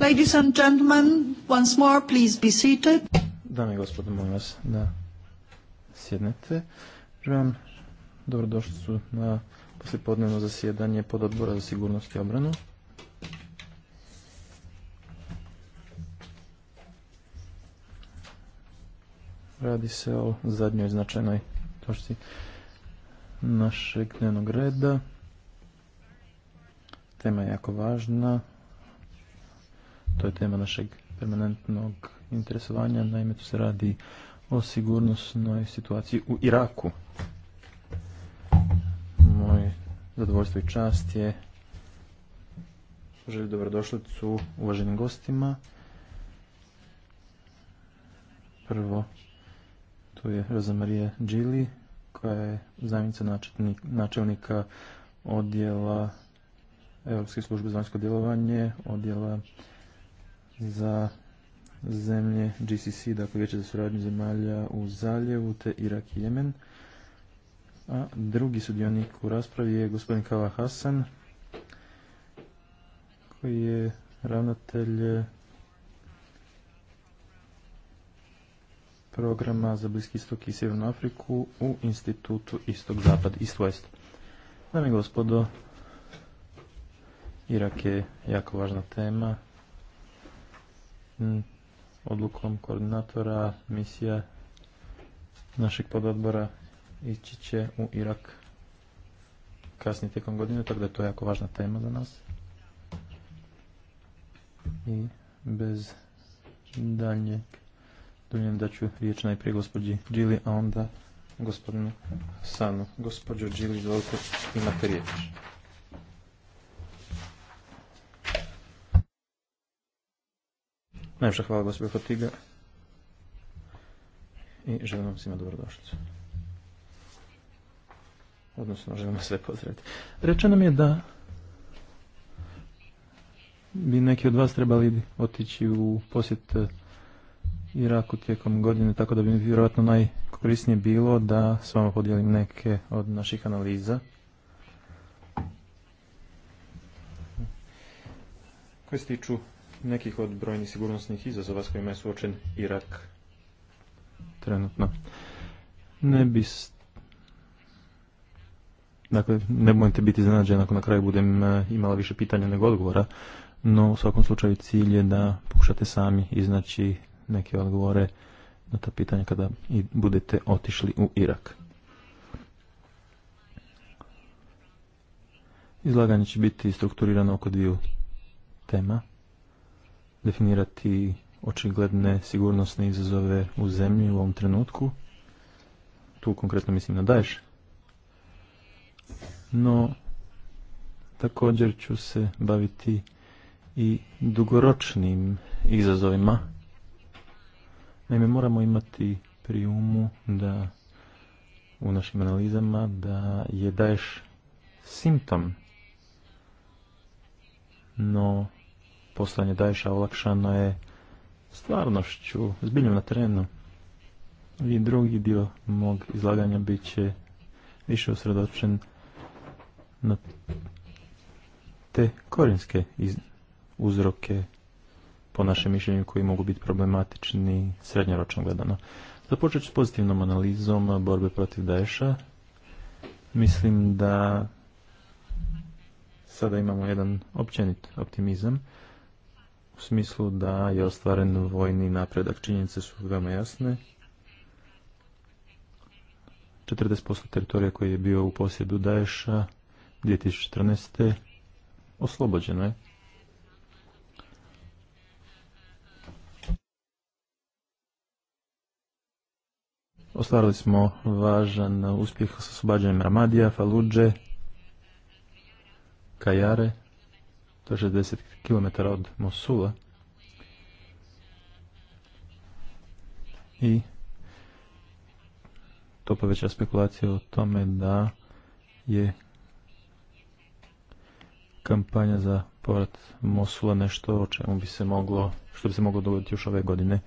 Ladies and gentlemen, once more, please be seated. Dame i gospodine, molim vas da sjednete. Želim su na poslijepodnevno zasjedanje pod odbora za sigurnost i obranu. Radi se o zadnjoj značajnoj točci našeg dnevnog reda. Tema je jako važna, to je tema našeg permanentnog interesovanja. Naime, tu se radi o sigurnosnoj situaciji u Iraku. Moje zadovoljstvo i čast je želi dobrodošlicu uvaženim gostima. Prvo, tu je Roza Marija koja je zamjenica načelnika odjela Europske službe za vanjsko djelovanje, odjela za zemlje GCC, dakle Vijeće za suradnju zemalja u Zaljevu te Irak i Jemen. A drugi sudionik u raspravi je gospodin Kava Hasan, koji je ravnatelj programa za Bliski istok i Sjevernu Afriku u institutu Istok-Zapad, i west Dame i gospodo, Irak je jako važna tema Mm, odlukom koordinatora misija našeg pododbora ići će u Irak kasnije tijekom godine, tako da je to jako važna tema za nas. I bez dalje Dunjem da ću riječ najprije gospođi Gili, a onda gospodinu Sanu. Gospođo Gili, izvolite, imate riječ. Najviše hvala gospođo Fotiga i želim vam svima dobrodošlicu. Odnosno, želim vam sve pozdraviti. Rečeno mi je da bi neki od vas trebali otići u posjet e, Iraku tijekom godine, tako da bi mi vjerojatno najkorisnije bilo da s vama podijelim neke od naših analiza. Koje se tiču nekih od brojnih sigurnosnih izazova s kojima je suočen Irak trenutno. Ne bi... Dakle, ne mojte biti iznenađeni ako na kraju budem e, imala više pitanja nego odgovora, no u svakom slučaju cilj je da pokušate sami iznaći neke odgovore na ta pitanja kada i budete otišli u Irak. Izlaganje će biti strukturirano oko dviju tema definirati očigledne sigurnosne izazove u zemlji u ovom trenutku. Tu konkretno mislim na daješ. No, također ću se baviti i dugoročnim izazovima. Naime, moramo imati pri umu da u našim analizama da je daješ simptom, no poslanje Daješa olakšano je stvarnošću, zbiljno na terenu. I drugi dio mog izlaganja bit će više usredočen na te korinske uzroke po našem mišljenju koji mogu biti problematični srednjoročno gledano. Započet ću s pozitivnom analizom borbe protiv Daesha. Mislim da sada imamo jedan općenit optimizam u smislu da je ostvaren vojni napredak. Činjenice su veoma jasne. 40% teritorija koji je bio u posjedu Daesha 2014. oslobođeno je. Ostvarili smo važan uspjeh sa oslobađanjem Ramadija, Faludže, Kajare, 60 km od Mosula. I to poveća spekulacija o tome da je kampanja za povrat Mosula nešto o čemu bi se moglo, što bi se moglo dogoditi još ove godine.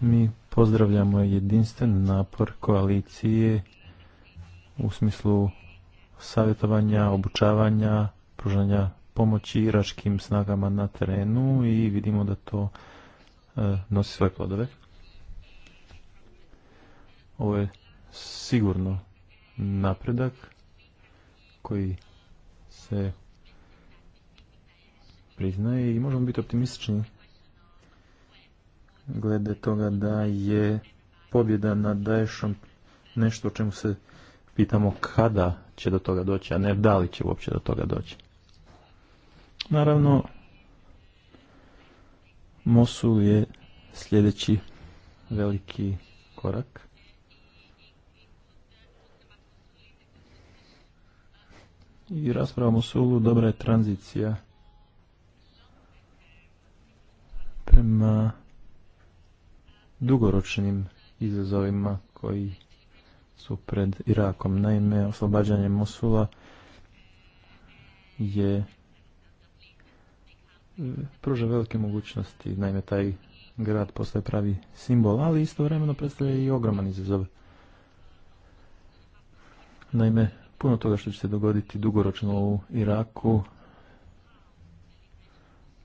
Mi pozdravljamo jedinstven napor koalicije u smislu savjetovanja, obučavanja, pružanja pomoći iračkim snagama na terenu i vidimo da to e, nosi svoje plodove. Ovo je sigurno napredak koji se priznaje i možemo biti optimistični glede toga da je pobjeda na Daeshom nešto o čemu se pitamo kada će do toga doći, a ne da li će uopće do toga doći. Naravno, Mosul je sljedeći veliki korak. I rasprava Mosulu dobra je tranzicija prema dugoročnim izazovima koji su pred Irakom. Naime, oslobađanje Mosula je pruža velike mogućnosti. Naime, taj grad postaje pravi simbol, ali istovremeno predstavlja i ogroman izazov. Naime, puno toga što će se dogoditi dugoročno u Iraku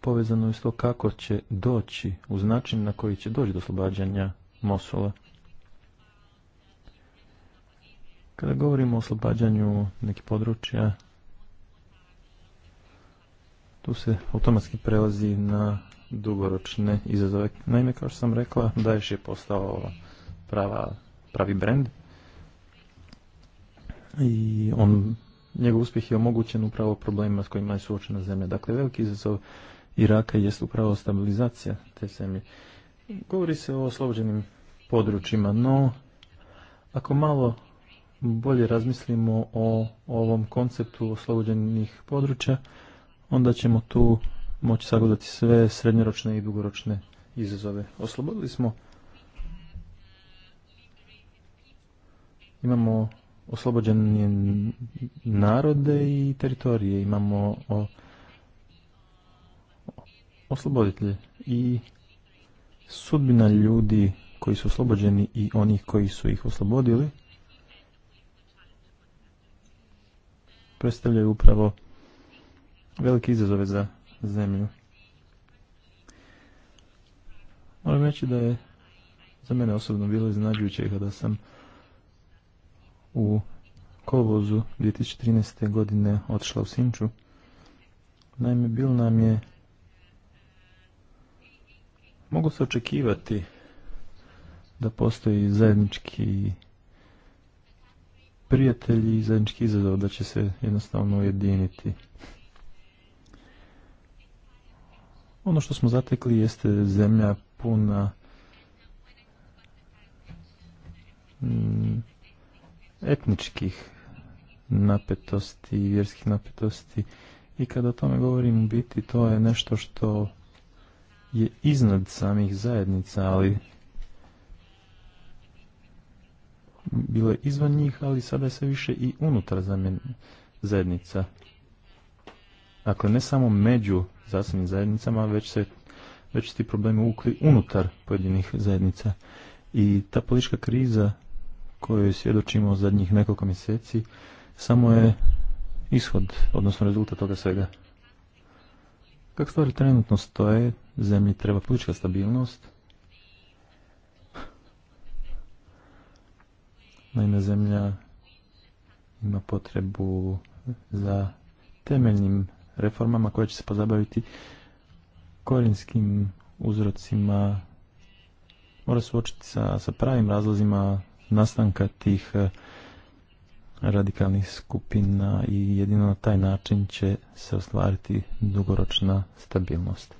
povezano je s to kako će doći, uz način na koji će doći do oslobađanja Mosula. Kada govorimo o oslobađanju nekih područja, tu se automatski prelazi na dugoročne izazove. Naime, kao što sam rekla, Daesh je postao prava, pravi brend i on, njegov uspjeh je omogućen upravo problemima s kojima je suočena zemlja. Dakle, veliki izazov Iraka jest upravo stabilizacija te zemlje. Govori se o oslobođenim područjima, no ako malo bolje razmislimo o ovom konceptu oslobođenih područja, onda ćemo tu moći sagledati sve srednjoročne i dugoročne izazove. Oslobodili smo imamo oslobođene narode i teritorije, imamo osloboditelje i sudbina ljudi koji su oslobođeni i onih koji su ih oslobodili predstavljaju upravo velike izazove za zemlju. Moram reći da je za mene osobno bilo iznađujuće kada sam u kolovozu 2013. godine otišla u Sinču. Naime, bilo nam je mogu se očekivati da postoji zajednički prijatelji i zajednički izazov da će se jednostavno ujediniti. Ono što smo zatekli jeste zemlja puna mm, etničkih napetosti vjerskih napetosti i kada o tome govorim u biti to je nešto što je iznad samih zajednica ali bilo je izvan njih ali sada je sve više i unutar zajednica dakle ne samo među zdravstvenim zajednicama, već se već ti problemi ukli unutar pojedinih zajednica. I ta politička kriza koju svjedočimo zadnjih nekoliko mjeseci samo je ishod, odnosno rezultat toga svega. Kako stvari trenutno stoje, zemlji treba politička stabilnost. Naime, zemlja ima potrebu za temeljnim reformama koje će se pozabaviti korinskim uzrocima, mora suočiti sa, sa pravim razlozima nastanka tih eh, radikalnih skupina i jedino na taj način će se ostvariti dugoročna stabilnost.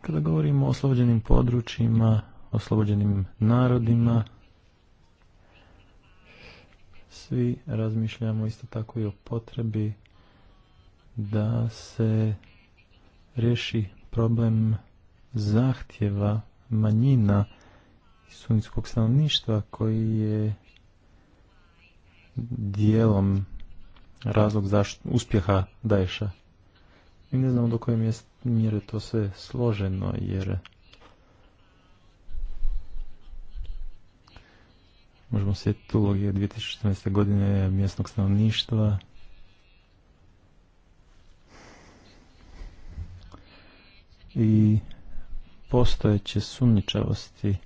Kada govorimo o oslobođenim područjima, oslobođenim narodima, svi razmišljamo isto tako i o potrebi da se riješi problem zahtjeva manjina sunnitskog stanovništva koji je dijelom razlog uspjeha Daješa. Mi ne znamo do koje mjere to sve složeno, jer možemo sjetiti uloge 2014. godine mjesnog stanovništva. I postojeće sumničavosti,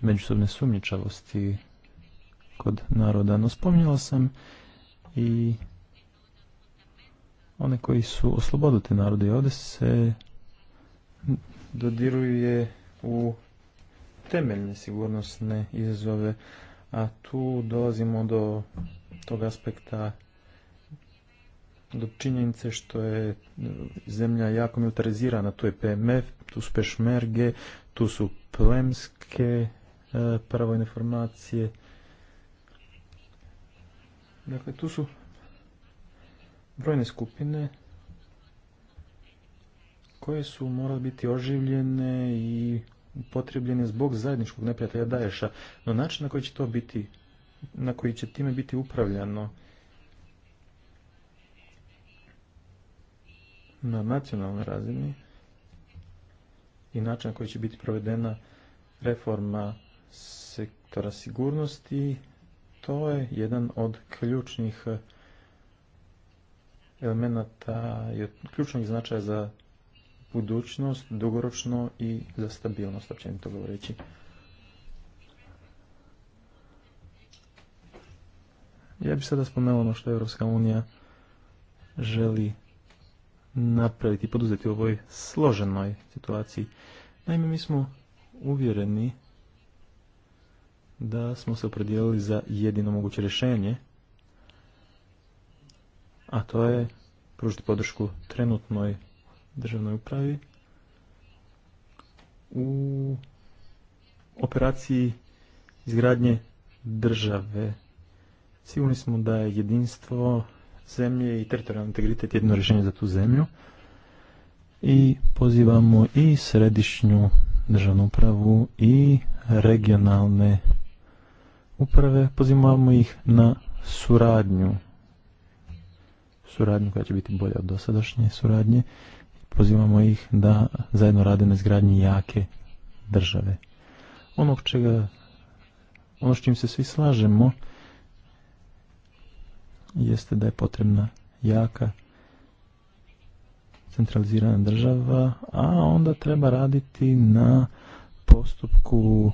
međusobne sumničavosti kod naroda. No spominjala sam i one koji su osloboduti te I ovdje se dodiruje u temeljne sigurnosne izazove, a tu dolazimo do tog aspekta do činjenice što je e, zemlja jako militarizirana, tu je PMF, tu su pešmerge, tu su plemske e, informacije. formacije. Dakle, tu su brojne skupine koje su morale biti oživljene i potrebljen je zbog zajedničkog neprijatelja Daješa, no način na koji će to biti, na koji će time biti upravljano na nacionalnoj razini i način na koji će biti provedena reforma sektora sigurnosti, to je jedan od ključnih elemenata i ključnog značaja za budućnost dugoročno i za stabilnost, općenito govoreći. Ja bih sada spomenuo ono što Europska unija želi napraviti i poduzeti u ovoj složenoj situaciji. Naime, mi smo uvjereni da smo se opredijelili za jedino moguće rješenje, a to je pružiti podršku trenutnoj državnoj upravi u operaciji izgradnje države. Sigurni smo da je jedinstvo zemlje i teritorijalni integritet jedno rješenje za tu zemlju i pozivamo i središnju državnu upravu i regionalne uprave, pozivamo ih na suradnju suradnju koja će biti bolja od dosadašnje suradnje pozivamo ih da zajedno rade na izgradnji jake države. Ono, čega, ono s čim se svi slažemo jeste da je potrebna jaka centralizirana država, a onda treba raditi na postupku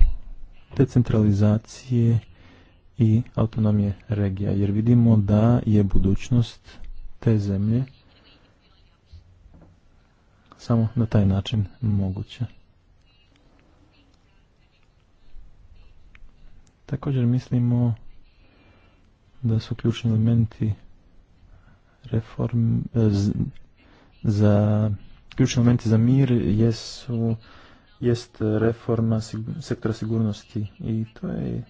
decentralizacije i autonomije regija, jer vidimo da je budućnost te zemlje samo na taj način moguće. Također mislimo da su ključni elementi reform e, za ključni elementi za mir jesu jest reforma sektora sigurnosti i to je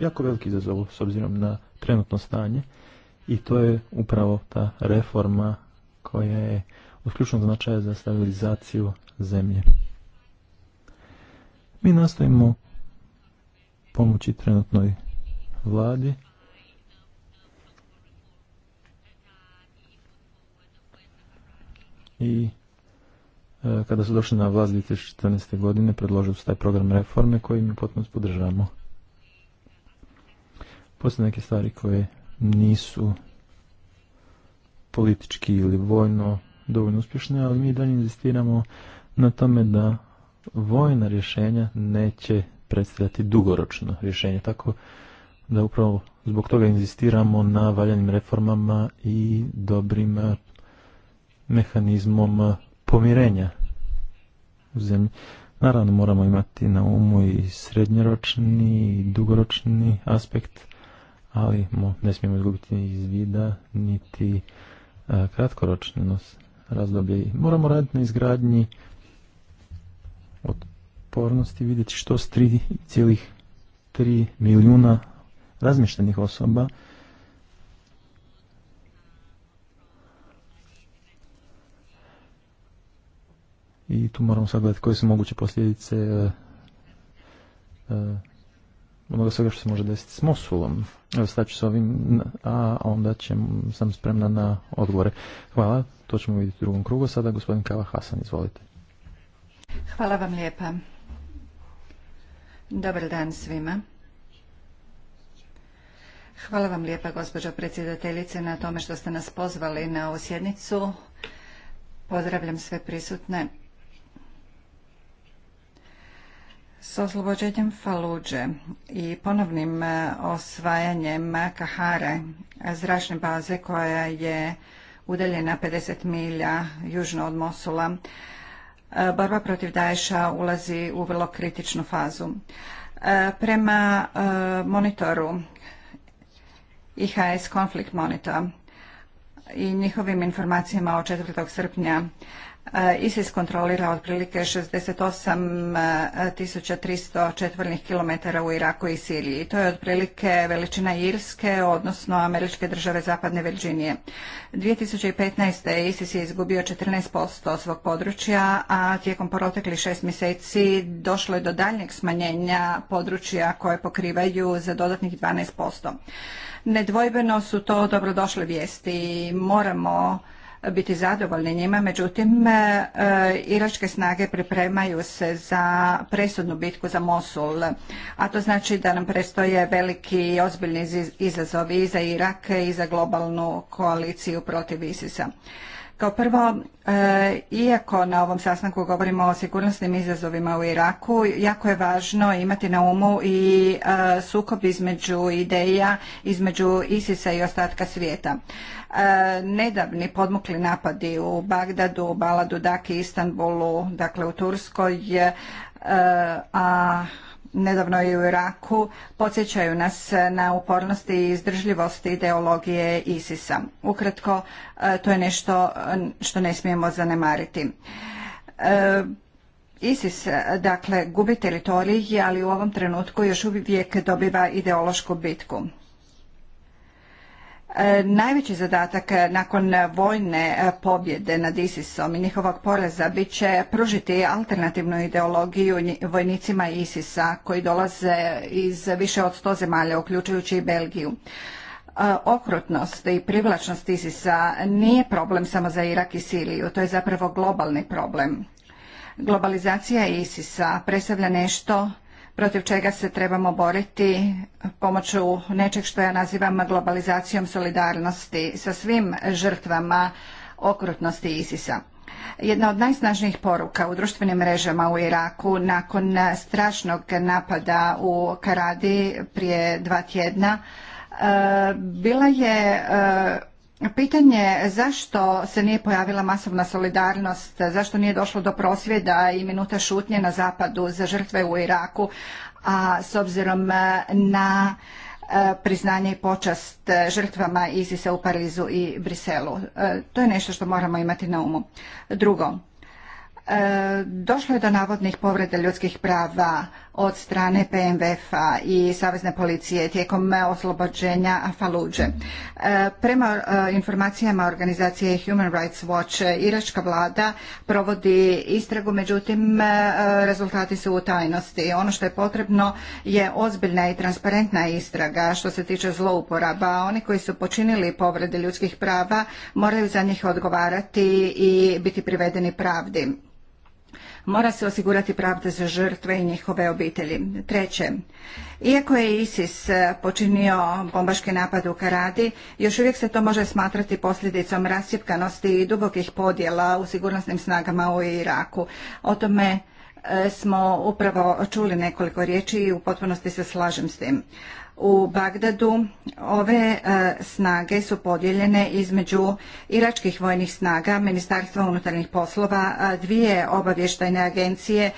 jako veliki izazov s obzirom na trenutno stanje i to je upravo ta reforma koja je od ključnog značaja za stabilizaciju zemlje. Mi nastojimo pomoći trenutnoj vladi i e, kada su došli na vlast 2014. godine predložili su taj program reforme koji mi potpuno podržavamo. Postoje neke stvari koje nisu politički ili vojno dovoljno uspješne, ali mi dalje inzistiramo na tome da vojna rješenja neće predstavljati dugoročno rješenje. Tako da upravo zbog toga inzistiramo na valjanim reformama i dobrim eh, mehanizmom eh, pomirenja u zemlji. Naravno moramo imati na umu i srednjoročni i dugoročni aspekt, ali ne smijemo izgubiti iz vida niti eh, nos razdoblje. Moramo raditi na izgradnji otpornosti, vidjeti što s 3,3 milijuna razmišljenih osoba i tu moramo gledati koje su moguće posljedice e, e, onoga svega što se može desiti s Mosulom. ću s ovim, a onda ćem, sam spremna na odgovore. Hvala, to ćemo vidjeti u drugom krugu. Sada gospodin Kava Hasan, izvolite. Hvala vam lijepa. Dobar dan svima. Hvala vam lijepa, gospođo predsjedateljice, na tome što ste nas pozvali na ovu sjednicu. Pozdravljam sve prisutne. S oslobođenjem Faluđe i ponovnim e, osvajanjem Kahare, zračne baze koja je udaljena 50 milja južno od Mosula, e, borba protiv Daesha ulazi u vrlo kritičnu fazu. E, prema monitoru IHS Conflict Monitor i njihovim informacijama od 4. srpnja ISIS kontrolira otprilike 68.300 četvornih kilometara u Iraku i Siriji. To je otprilike veličina Irske, odnosno američke države zapadne Virginije. 2015. ISIS je izgubio 14% svog područja, a tijekom proteklih šest mjeseci došlo je do daljnjeg smanjenja područja koje pokrivaju za dodatnih 12%. Nedvojbeno su to dobrodošle vijesti. i Moramo biti zadovoljni njima, međutim e, e, iračke snage pripremaju se za presudnu bitku za Mosul, a to znači da nam prestoje veliki i ozbiljni izazovi i za Irak i za globalnu koaliciju protiv ISIS-a. Kao prvo, e, iako na ovom sastanku govorimo o sigurnosnim izazovima u Iraku, jako je važno imati na umu i e, sukob između ideja, između ISIS-a i ostatka svijeta. E, nedavni podmukli napadi u Bagdadu, Baladu, Daki, Istanbulu, dakle u Turskoj, a nedavno i u Iraku podsjećaju nas na upornost i izdržljivost ideologije ISIS-a. Ukratko, e, to je nešto e, što ne smijemo zanemariti. E, ISIS, dakle, gubi teritorij, ali u ovom trenutku još uvijek dobiva ideološku bitku. E, najveći zadatak e, nakon vojne e, pobjede nad ISISom i njihovog poraza bit će pružiti alternativnu ideologiju vojnicima ISISA koji dolaze iz više od sto zemalja, uključujući i Belgiju. Okrutnost i privlačnost ISIS-a nije problem samo za Irak i Siriju, to je zapravo globalni problem. Globalizacija ISIS-a predstavlja nešto protiv čega se trebamo boriti pomoću nečeg što ja nazivam globalizacijom solidarnosti sa svim žrtvama okrutnosti ISIS-a. Jedna od najsnažnijih poruka u društvenim mrežama u Iraku nakon strašnog napada u Karadi prije dva tjedna e, bila je e, Pitanje zašto se nije pojavila masovna solidarnost, zašto nije došlo do prosvjeda i minuta šutnje na zapadu za žrtve u Iraku, a s obzirom e, na e, priznanje i počast e, žrtvama ISIS-a u Parizu i Briselu. To je nešto što moramo imati na umu. Drugo, došlo je do navodnih povreda ljudskih prava od strane PMVF-a i Savezne policije tijekom oslobođenja Faluđe. E, prema e, informacijama organizacije Human Rights Watch, iračka vlada provodi istragu, međutim e, rezultati su u tajnosti. Ono što je potrebno je ozbiljna i transparentna istraga što se tiče zlouporaba. Oni koji su počinili povrede ljudskih prava moraju za njih odgovarati i biti privedeni pravdi. Mora se osigurati pravda za žrtve i njihove obitelji. Treće, iako je ISIS e, počinio bombaški napad u Karadi, još uvijek se to može smatrati posljedicom rasjepkanosti i dubokih podjela u sigurnosnim snagama u Iraku. O tome e, smo upravo čuli nekoliko riječi i u potpunosti se slažem s tim u Bagdadu ove e, snage su podijeljene između iračkih vojnih snaga, Ministarstva unutarnjih poslova, dvije obavještajne agencije,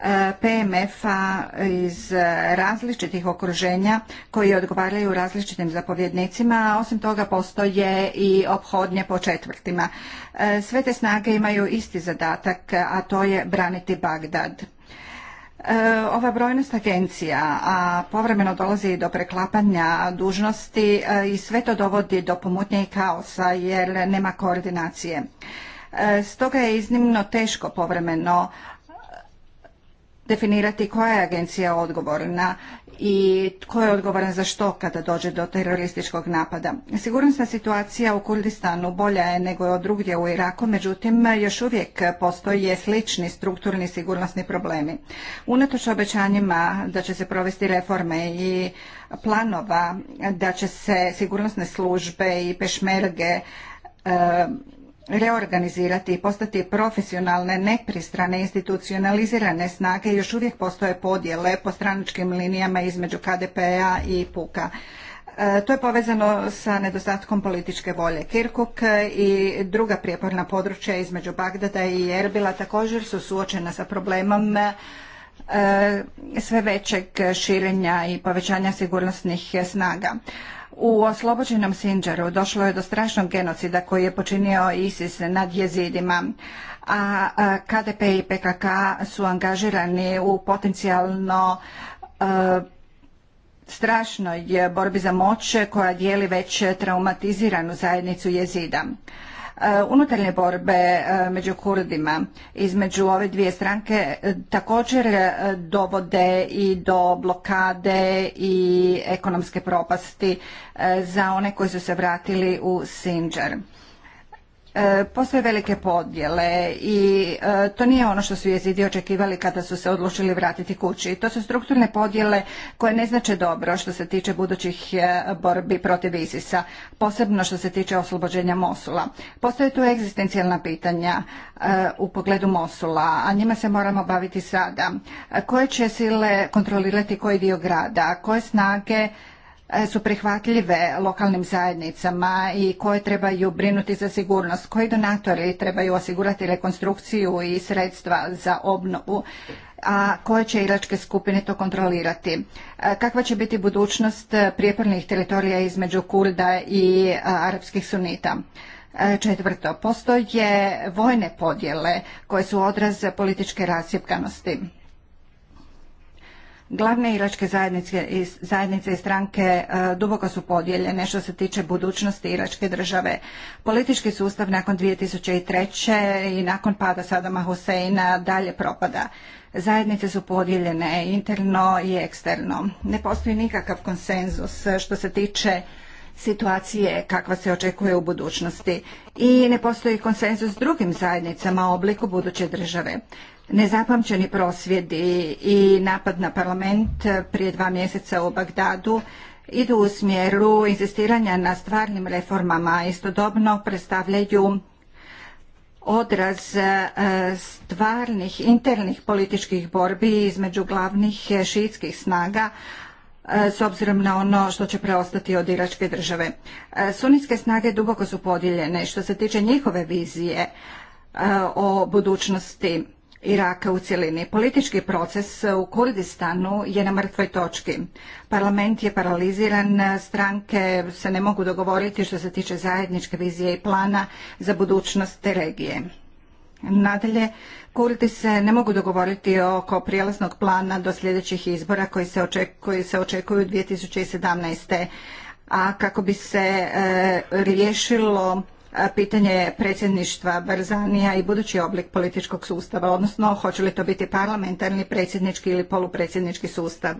e, PMF-a iz različitih okruženja koji odgovaraju različitim zapovjednicima, a osim toga postoje i ophodnje po četvrtima. E, sve te snage imaju isti zadatak, a to je braniti Bagdad. E, ova brojnost agencija, a povremeno dolazi do preklapanja dužnosti e, i sve to dovodi do pomutnje i kaosa jer nema koordinacije. E, stoga je iznimno teško povremeno definirati koja je agencija odgovorna i tko je odgovoran za što kada dođe do terorističkog napada. Sigurnosna situacija u Kurdistanu bolja je nego drugdje u Iraku, međutim još uvijek postoje slični strukturni sigurnosni problemi. Unatoč obećanjima da će se provesti reforme i planova da će se sigurnosne službe i pešmerge reorganizirati i postati profesionalne, nepristrane, institucionalizirane snage još uvijek postoje podjele po stranačkim linijama između KDP-a i PUK-a. E, to je povezano sa nedostatkom političke volje. Kirkuk i druga prijeporna područja između Bagdada i Erbila također su suočena sa problemom e, sve većeg širenja i povećanja sigurnosnih snaga. U oslobođenom Sinđaru došlo je do strašnog genocida koji je počinio ISIS nad jezidima, a KDP i PKK su angažirani u potencijalno e, strašnoj borbi za moć koja dijeli već traumatiziranu zajednicu jezida. E, unutarnje borbe e, među Kurdima između ove dvije stranke e, također dovode i do blokade i ekonomske propasti za one koji su se vratili u Sinjar. E, postoje velike podjele i e, to nije ono što su jezidi očekivali kada su se odlučili vratiti kući. To su strukturne podjele koje ne znače dobro što se tiče budućih e, borbi protiv ISIS-a, posebno što se tiče oslobođenja Mosula. Postoje tu egzistencijalna pitanja u pogledu Mosula, a njima se moramo baviti sada. Koje će sile kontrolirati koji dio grada, koje snage E, su prihvatljive lokalnim zajednicama i koje trebaju brinuti za sigurnost, koji donatori trebaju osigurati rekonstrukciju i sredstva za obnovu, a koje će iračke skupine to kontrolirati. E, kakva će biti budućnost prijepornih teritorija između Kurda i e, arapskih sunita? Četvrto, postoje vojne podjele koje su odraz političke rasjepkanosti. Glavne iračke zajednice, zajednice i stranke e, duboko su podijeljene što se tiče budućnosti iračke države. Politički sustav nakon 2003. i nakon pada Sadama Huseina dalje propada. Zajednice su podijeljene interno i eksterno. Ne postoji nikakav konsenzus što se tiče situacije kakva se očekuje u budućnosti i ne postoji konsenzus s drugim zajednicama o obliku buduće države. Nezapamćeni prosvjedi i napad na parlament prije dva mjeseca u Bagdadu idu u smjeru insistiranja na stvarnim reformama, istodobno predstavljaju odraz e, stvarnih internih političkih borbi između glavnih šiitskih snaga, E, s obzirom na ono što će preostati od iračke države. E, Sunijske snage duboko su podijeljene što se tiče njihove vizije e, o budućnosti Iraka u cjelini. Politički proces u Kurdistanu je na mrtvoj točki. Parlament je paraliziran, stranke se ne mogu dogovoriti što se tiče zajedničke vizije i plana za budućnost te regije. Nadalje, Kurti se ne mogu dogovoriti oko prijelaznog plana do sljedećih izbora koji se, očekuju, koji se očekuju 2017. A kako bi se e, riješilo e, pitanje predsjedništva Barzanija i budući oblik političkog sustava, odnosno hoće li to biti parlamentarni, predsjednički ili polupredsjednički sustav.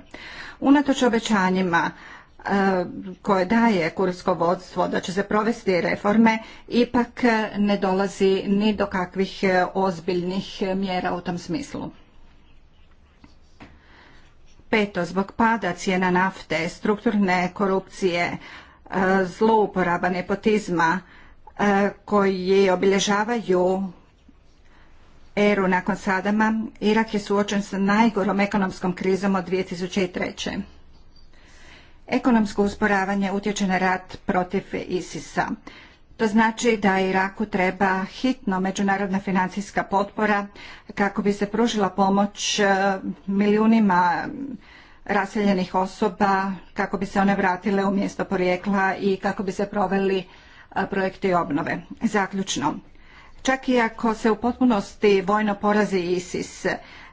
Unatoč obećanjima E, koje daje kursko vodstvo da će se provesti reforme ipak ne dolazi ni do kakvih e, ozbiljnih mjera u tom smislu. Peto, zbog pada cijena nafte, strukturne korupcije, e, zlouporaba nepotizma koji obilježavaju eru nakon Sadama, Irak je suočen sa najgorom ekonomskom krizom od 2003. Ekonomsko usporavanje utječe na rat protiv ISIS-a. To znači da Iraku treba hitno međunarodna financijska potpora kako bi se pružila pomoć e, milijunima raseljenih osoba, kako bi se one vratile u mjesto porijekla i kako bi se proveli e, projekti obnove. Zaključno, čak i ako se u potpunosti vojno porazi ISIS,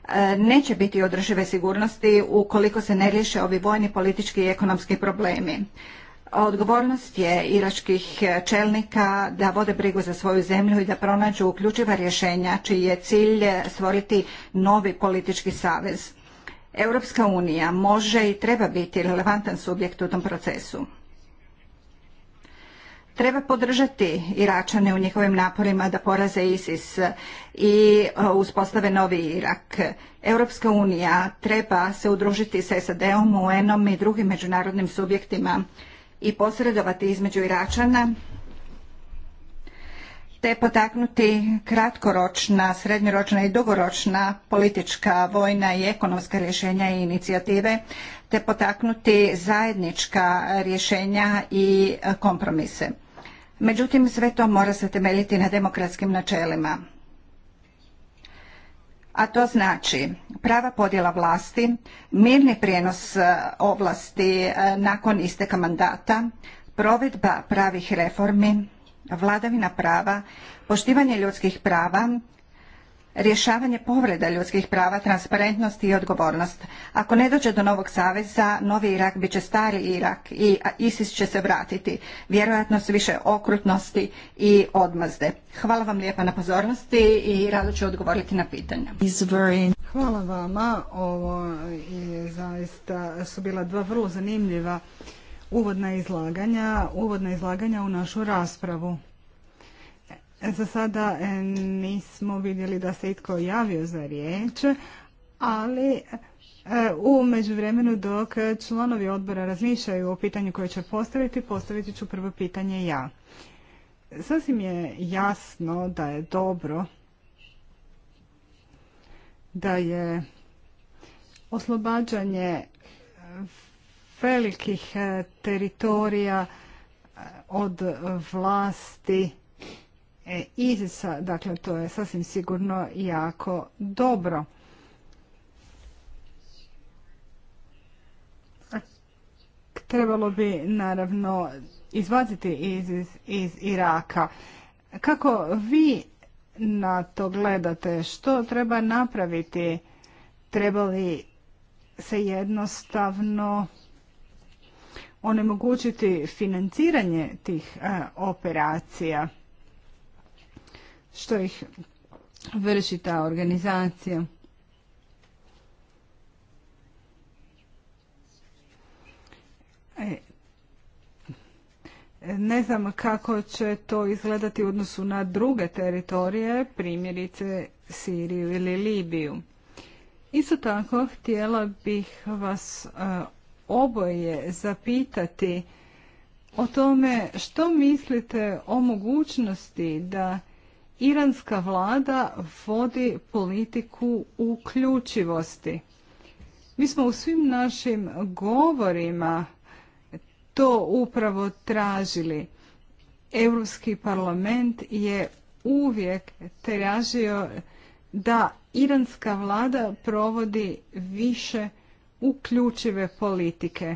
E, neće biti održive sigurnosti ukoliko se ne riješe ovi vojni, politički i ekonomski problemi. Odgovornost je iračkih čelnika da vode brigu za svoju zemlju i da pronađu uključiva rješenja čiji je cilj stvoriti novi politički savez. Europska unija može i treba biti relevantan subjekt u tom procesu. Treba podržati Iračane u njihovim naporima da poraze ISIS i e, uspostave novi Irak. Europska unija treba se udružiti sa SAD-om, UN-om i drugim međunarodnim subjektima i posredovati između Iračana te potaknuti kratkoročna, srednjoročna i dugoročna politička, vojna i ekonomska rješenja i inicijative te potaknuti zajednička rješenja i kompromise. Međutim, sve to mora se temeljiti na demokratskim načelima. A to znači prava podjela vlasti, mirni prijenos ovlasti e, nakon isteka mandata, provedba pravih reformi, vladavina prava, poštivanje ljudskih prava, rješavanje povreda ljudskih prava, transparentnost i odgovornost. Ako ne dođe do novog saveza, novi Irak bit će stari Irak i ISIS će se vratiti. Vjerojatno s više okrutnosti i odmazde. Hvala vam lijepa na pozornosti i rado ću odgovoriti na pitanja. Hvala vama. Ovo je zaista su bila dva vrlo zanimljiva uvodna izlaganja, uvodna izlaganja u našu raspravu. E, za sada e, nismo vidjeli da se itko javio za riječ, ali e, u međuvremenu dok članovi odbora razmišljaju o pitanju koje će postaviti, postaviti ću prvo pitanje ja. Sasvim je jasno da je dobro da je oslobađanje velikih teritorija od vlasti E, Izisa, Dakle, to je sasvim sigurno jako dobro. Trebalo bi naravno izvaziti iz Iraka. Kako vi na to gledate? Što treba napraviti? Treba li se jednostavno onemogućiti financiranje tih e, operacija? što ih vrši ta organizacija. E, ne znam kako će to izgledati u odnosu na druge teritorije, primjerice Siriju ili Libiju. Isto tako htjela bih vas e, oboje zapitati o tome što mislite o mogućnosti da iranska vlada vodi politiku uključivosti. Mi smo u svim našim govorima to upravo tražili. Europski parlament je uvijek tražio da iranska vlada provodi više uključive politike.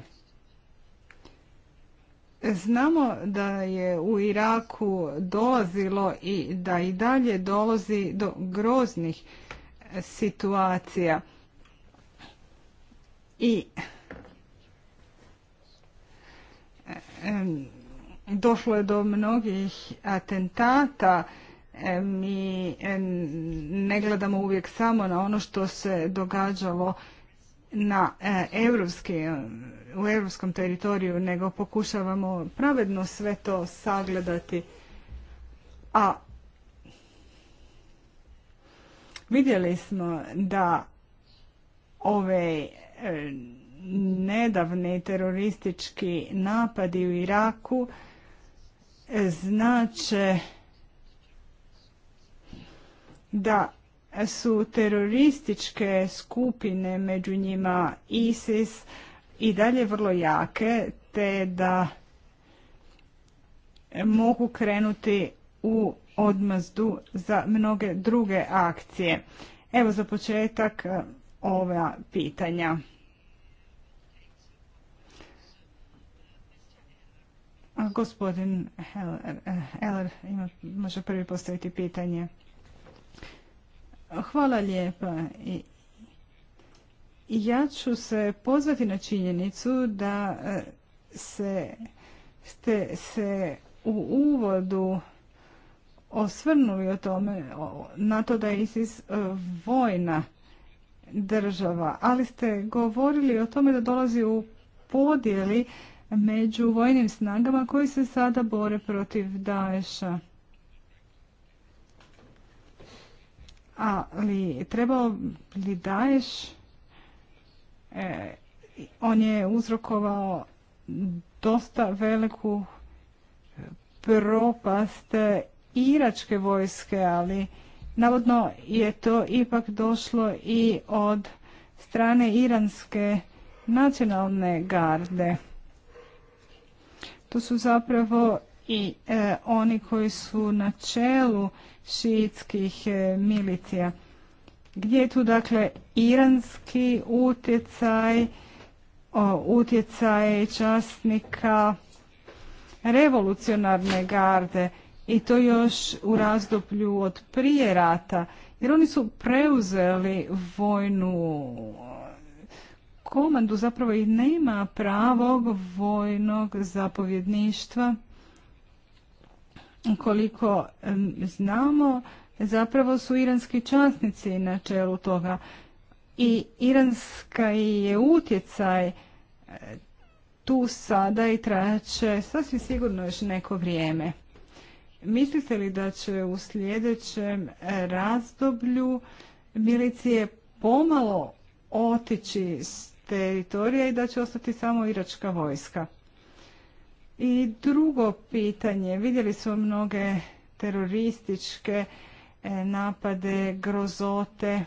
Znamo da je u Iraku dolazilo i da i dalje dolazi do groznih situacija. I došlo je do mnogih atentata. Mi ne gledamo uvijek samo na ono što se događalo na e, u europskom teritoriju, nego pokušavamo pravedno sve to sagledati. A vidjeli smo da ove e, nedavni teroristički napadi u Iraku e, znače da su terorističke skupine, među njima ISIS, i dalje vrlo jake, te da mogu krenuti u odmazdu za mnoge druge akcije. Evo za početak e, ova pitanja. Gospodin Heller, e, može prvi postaviti pitanje. Hvala lijepa. Ja ću se pozvati na činjenicu da e, se, ste se u uvodu osvrnuli o tome, na to da je ISIS e, vojna država, ali ste govorili o tome da dolazi u podjeli među vojnim snagama koji se sada bore protiv Daesha. ali trebao li daješ e, on je uzrokovao dosta veliku propast iračke vojske, ali navodno je to ipak došlo i od strane iranske nacionalne garde. To su zapravo i e, oni koji su na čelu šiitskih e, milicija. Gdje je tu dakle iranski utjecaj, o, utjecaj časnika revolucionarne garde i to još u razdoblju od prije rata, jer oni su preuzeli vojnu komandu, zapravo i nema pravog vojnog zapovjedništva koliko znamo, zapravo su iranski časnici na čelu toga. I iranska je utjecaj eh, tu sada i će sasvim sigurno još neko vrijeme. Mislite li da će u sljedećem eh, razdoblju milicije pomalo otići s teritorija i da će ostati samo iračka vojska? I drugo pitanje, vidjeli smo mnoge terorističke e, napade, grozote,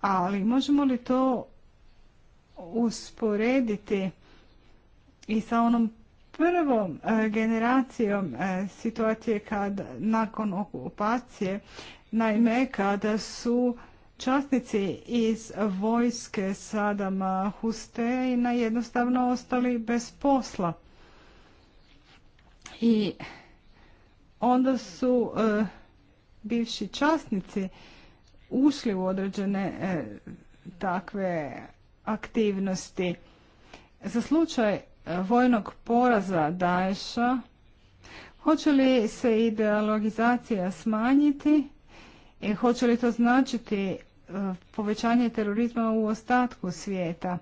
ali možemo li to usporediti i sa onom prvom e, generacijom e, situacije kad nakon okupacije, naime kada su časnici iz vojske Sadama Husteina jednostavno ostali bez posla. I onda su e, bivši časnici ušli u određene e, takve aktivnosti. Za slučaj e, vojnog poraza Daesha, hoće li se ideologizacija smanjiti? I hoće li to značiti povećanje terorizma u ostatku svijeta.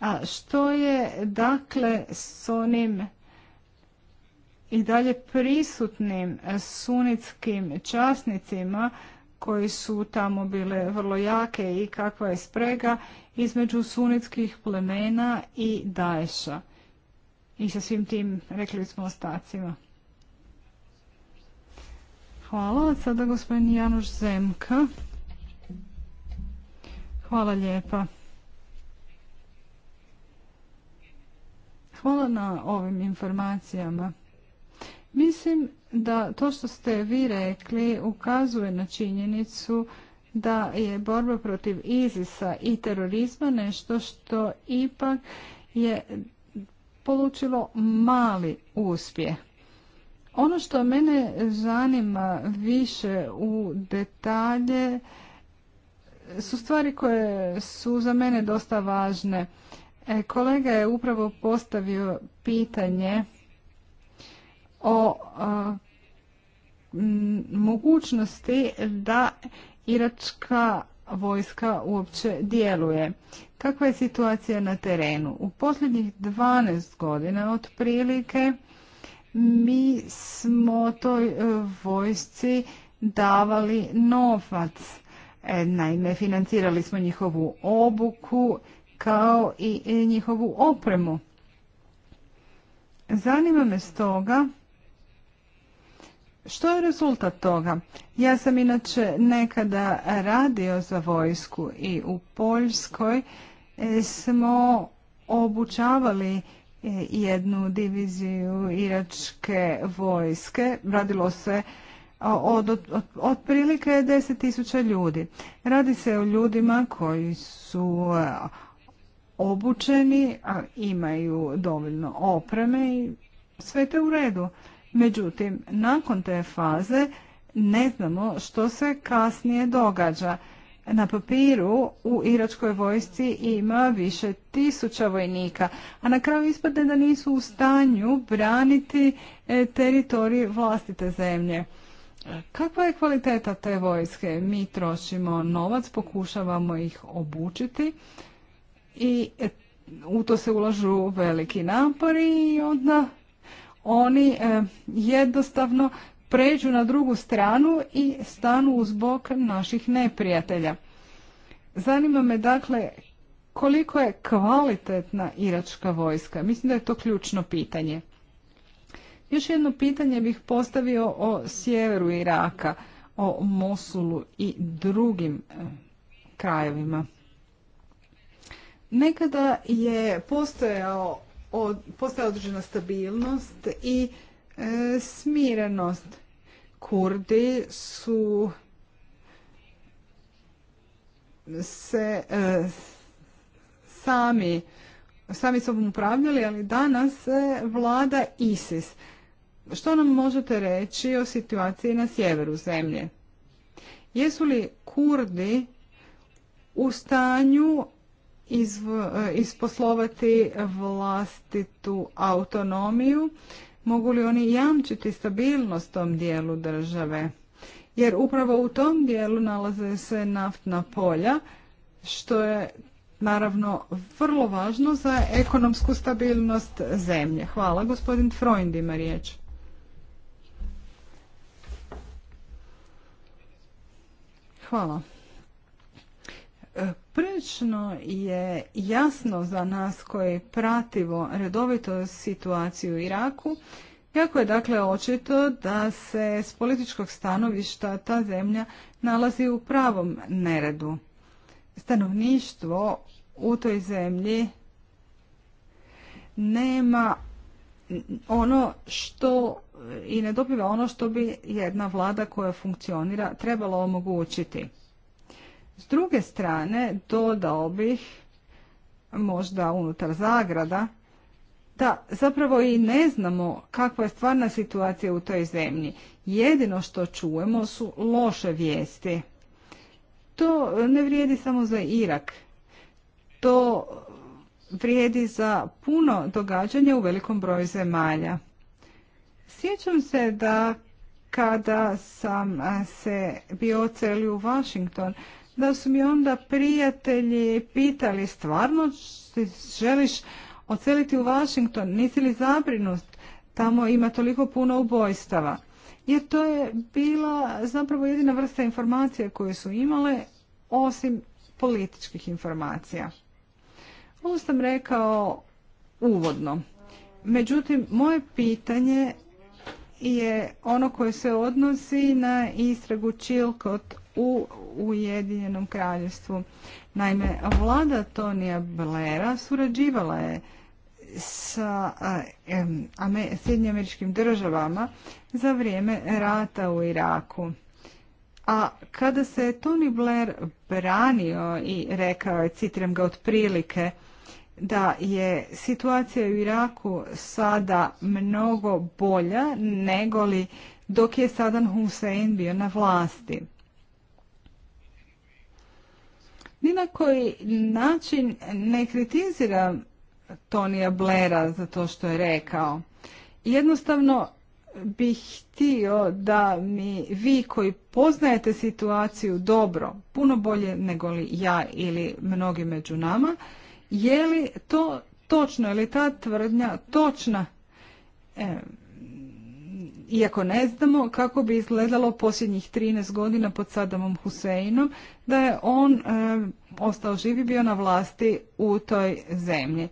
A što je dakle s onim i dalje prisutnim sunitskim časnicima koji su tamo bile vrlo jake i kakva je sprega između sunitskih plemena i Daesha. I sa svim tim rekli smo ostacima. Hvala. Sada gospodin januš Zemka. Hvala lijepa. Hvala na ovim informacijama. Mislim da to što ste vi rekli ukazuje na činjenicu da je borba protiv Izisa i terorizma nešto što ipak je polučilo mali uspjeh. Ono što mene zanima više u detalje su stvari koje su za mene dosta važne. E, kolega je upravo postavio pitanje o mogućnosti da iračka vojska uopće djeluje. Kakva je situacija na terenu? U posljednjih 12 godina otprilike mi smo toj e, vojsci davali novac. E, naime, financirali smo njihovu obuku kao i e, njihovu opremu. Zanima me stoga što je rezultat toga? Ja sam inače nekada radio za vojsku i u Poljskoj smo obučavali E, jednu diviziju iračke vojske. Radilo se od otprilike 10.000 ljudi. Radi se o ljudima koji su e, obučeni, a imaju dovoljno opreme i sve to u redu. Međutim, nakon te faze ne znamo što se kasnije događa na papiru u iračkoj vojsci ima više tisuća vojnika, a na kraju ispadne da nisu u stanju braniti e, teritorij vlastite zemlje. Kakva je kvaliteta te vojske? Mi trošimo novac, pokušavamo ih obučiti i e, u to se ulažu veliki napori i onda oni e, jednostavno pređu na drugu stranu i stanu uz bok naših neprijatelja. Zanima me dakle koliko je kvalitetna iračka vojska. Mislim da je to ključno pitanje. Još jedno pitanje bih postavio o sjeveru Iraka, o Mosulu i drugim e, krajevima. Nekada je postojao određena stabilnost i E, smirenost. Kurdi su se e, sami sami sobom upravljali, ali danas e, vlada ISIS. Što nam možete reći o situaciji na sjeveru zemlje? Jesu li Kurdi u stanju isposlovati vlastitu autonomiju mogu li oni jamčiti stabilnost tom dijelu države. Jer upravo u tom dijelu nalaze se naftna polja, što je naravno vrlo važno za ekonomsku stabilnost zemlje. Hvala, gospodin Freund ima riječ. Hvala. Prilično je jasno za nas koji pratimo redovito situaciju u Iraku, kako je dakle očito da se s političkog stanovišta ta zemlja nalazi u pravom neredu. Stanovništvo u toj zemlji nema ono što i ne dobiva ono što bi jedna vlada koja funkcionira trebala omogućiti. S druge strane, dodao bih možda unutar zagrada, da zapravo i ne znamo kakva je stvarna situacija u toj zemlji. Jedino što čujemo su loše vijesti. To ne vrijedi samo za Irak. To vrijedi za puno događanja u velikom broju zemalja. Sjećam se da kada sam se bio ocelio u Washington, da su mi onda prijatelji pitali stvarno želiš oceliti u Washington, nisi li zabrinut, tamo ima toliko puno ubojstava. Jer to je bila zapravo jedina vrsta informacija koje su imale, osim političkih informacija. Ovo sam rekao uvodno. Međutim, moje pitanje je ono koje se odnosi na istragu Chilcot u Ujedinjenom kraljevstvu. Naime, vlada Tonija Blaira surađivala je sa eh, Sjedinjim američkim državama za vrijeme rata u Iraku. A kada se Tony Blair branio i rekao je, citiram ga otprilike, da je situacija u Iraku sada mnogo bolja nego li dok je Saddam Hussein bio na vlasti. Ni na koji način ne kritizira Tonija Blera za to što je rekao. Jednostavno bih htio da mi vi koji poznajete situaciju dobro, puno bolje nego li ja ili mnogi među nama, je li to točno, je li ta tvrdnja točna? E, iako ne znamo kako bi izgledalo posljednjih 13 godina pod Sadamom Huseinom, da je on e, ostao živi bio na vlasti u toj zemlji.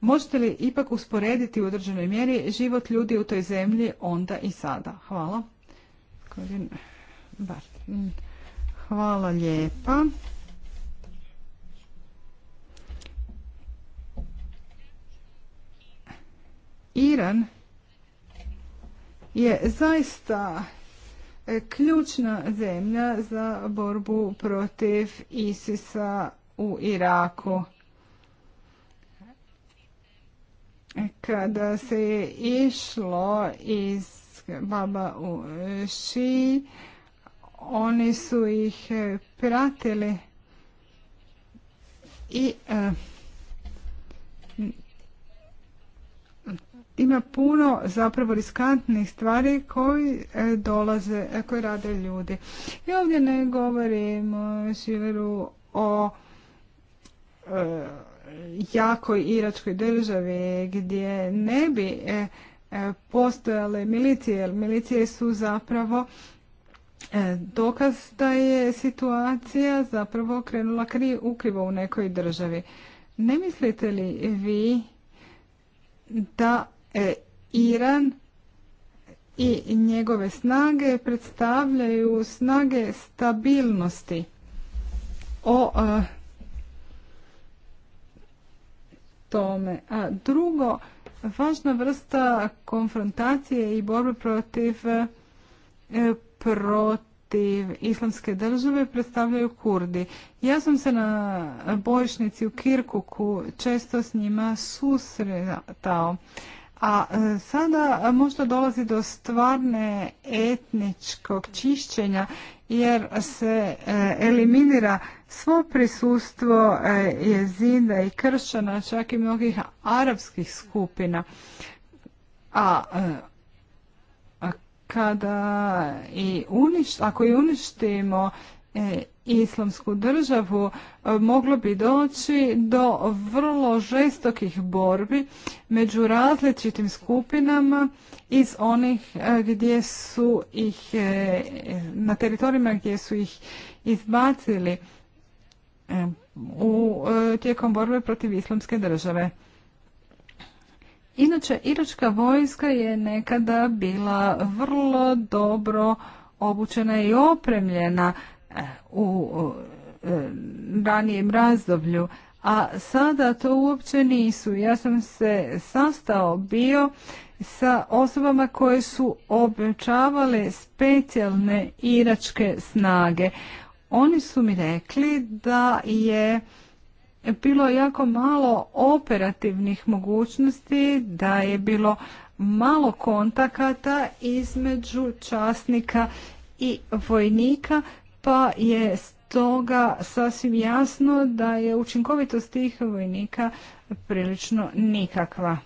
Možete li ipak usporediti u određenoj mjeri život ljudi u toj zemlji onda i sada? Hvala. Hvala lijepa. Iran je zaista e, ključna zemlja za borbu protiv ISIS-a u Iraku. E, kada se je išlo iz Baba u Ši, oni su ih e, pratili i ima puno zapravo riskantnih stvari koji e, dolaze, e, koje rade ljudi. I ovdje ne govorimo o e, jakoj iračkoj državi gdje ne bi postojale milicije, jer milicije su zapravo dokaz da je situacija zapravo krenula kri, ukrivo u nekoj državi. Ne mislite li vi da E, Iran i njegove snage predstavljaju snage stabilnosti. O tome. A drugo, važna vrsta konfrontacije i borbe protiv e, protiv islamske države predstavljaju Kurdi. Ja sam se na bojišnici u Kirkuku često s njima susretao. A e, sada možda dolazi do stvarne etničkog čišćenja jer se e, eliminira svo prisustvo e, jezida i kršćana, čak i mnogih arapskih skupina. A, kada i ako i uništimo E, islamsku državu e, moglo bi doći do vrlo žestokih borbi među različitim skupinama iz onih e, gdje su ih na teritorijima gdje su ih izbacili u tijekom borbe protiv islamske države. Inače, iračka vojska je nekada bila vrlo dobro obučena i opremljena u e, ranijem razdoblju, a sada to uopće nisu. Ja sam se sastao bio sa osobama koje su obećavale specijalne iračke snage. Oni su mi rekli da je bilo jako malo operativnih mogućnosti, da je bilo malo kontakata između časnika i vojnika pa je stoga sasvim jasno da je učinkovitost tih vojnika prilično nikakva.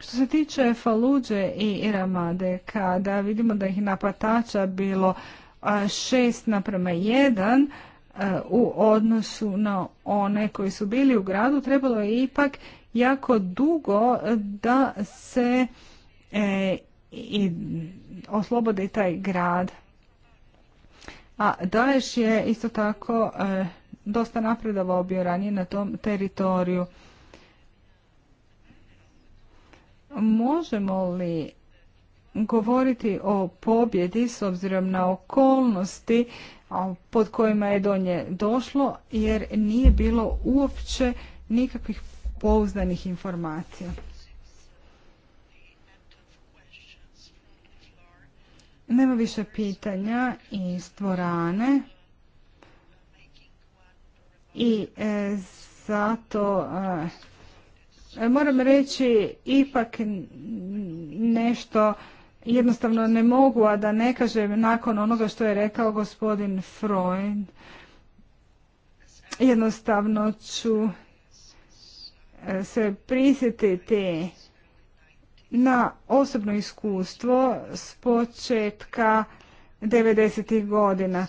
Što se tiče Faluđe i Ramade, kada vidimo da ih napatača bilo 6 naprema 1 u odnosu na one koji su bili u gradu, trebalo je ipak jako dugo da se e, oslobodi taj grad. A Daesh je isto tako e, dosta napredovao bio ranije na tom teritoriju. Možemo li govoriti o pobjedi s obzirom na okolnosti pod kojima je do nje došlo jer nije bilo uopće nikakvih pouzdanih informacija. Nema više pitanja iz stvorane i e, zato e, moram reći ipak nešto jednostavno ne mogu, a da ne kažem nakon onoga što je rekao gospodin Freud. Jednostavno ću e, se prisjetiti na osobno iskustvo s početka 90. godina.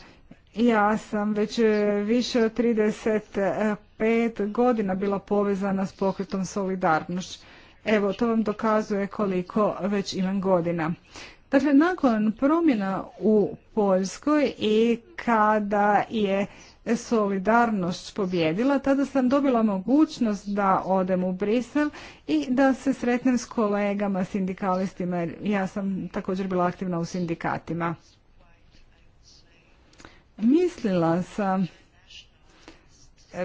Ja sam već e, više od 35 godina bila povezana s pokretom Solidarnošć. Evo, to vam dokazuje koliko već imam godina. Dakle, nakon promjena u Poljskoj i kada je solidarnost pobjedila, tada sam dobila mogućnost da odem u Brisel i da se sretnem s kolegama sindikalistima, jer ja sam također bila aktivna u sindikatima. Mislila sam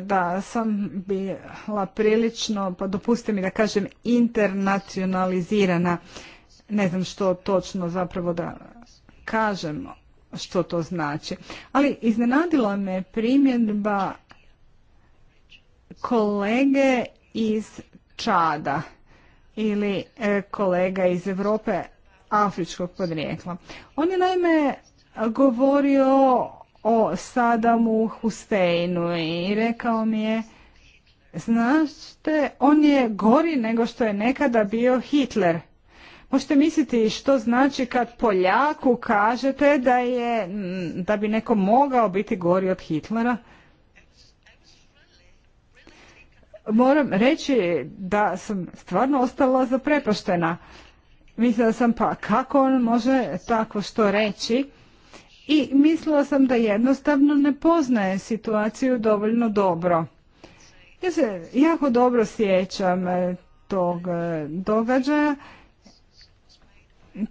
da sam bila prilično, pa dopustite mi da kažem, internacionalizirana. Ne znam što točno zapravo da kažemo što to znači. Ali iznenadila me primjedba kolege iz Čada ili e, kolega iz Europe afričkog podrijekla. On je naime govorio o Sadamu Husteinu i rekao mi je znašte, on je gori nego što je nekada bio Hitler. Možete misliti što znači kad Poljaku kažete da, je, da bi neko mogao biti gori od Hitlera? Moram reći da sam stvarno ostala zaprepoštena. Mislila sam pa kako on može tako što reći i mislila sam da jednostavno ne poznaje situaciju dovoljno dobro. Ja se jako dobro sjećam eh, tog eh, događaja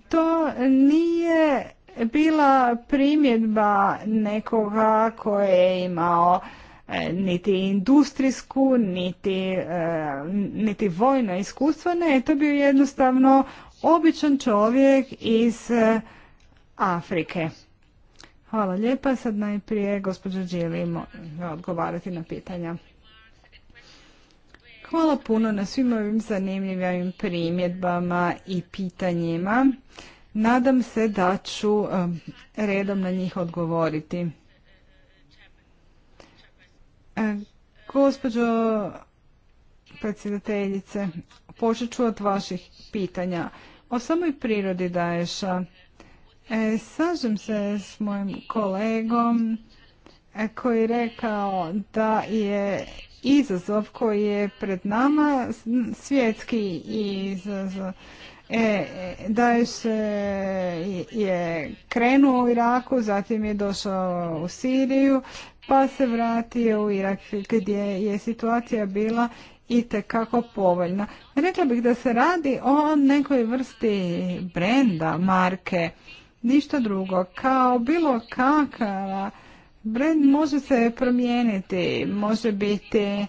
to nije bila primjedba nekoga koje je imao e, niti industrijsku, niti, e, niti vojno iskustvo, ne, to bio jednostavno običan čovjek iz e, Afrike. Hvala lijepa, sad najprije gospođa Đili odgovarati na pitanja. Hvala puno na svim ovim zanimljivim primjedbama i pitanjima. Nadam se da ću um, redom na njih odgovoriti. E, gospođo predsjedateljice, počet ću od vaših pitanja. O samoj prirodi Daješa. sažem slažem se s mojim kolegom e, koji je rekao da je izazov koji je pred nama, svjetski izazov. E, je krenuo u Iraku, zatim je došao u Siriju, pa se vratio u Irak gdje je situacija bila i tekako povoljna. Rekla bih da se radi o nekoj vrsti brenda, marke, ništa drugo. Kao bilo kakva Brand može se promijeniti, može biti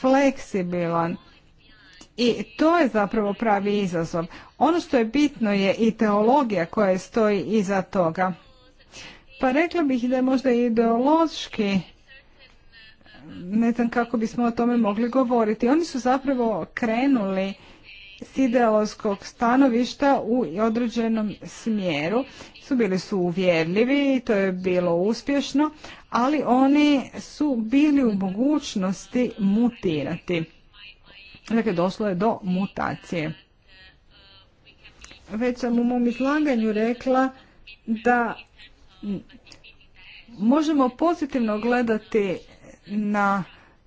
fleksibilan. I to je zapravo pravi izazov. Ono što je bitno je i teologija koja stoji iza toga. Pa rekla bih da je možda ideološki, ne znam kako bismo o tome mogli govoriti. Oni su zapravo krenuli s ideološkog stanovišta u određenom smjeru su bili su uvjerljivi, to je bilo uspješno, ali oni su bili u mogućnosti mutirati. Dakle, došlo je do mutacije. Već sam u mom izlaganju rekla da možemo pozitivno gledati na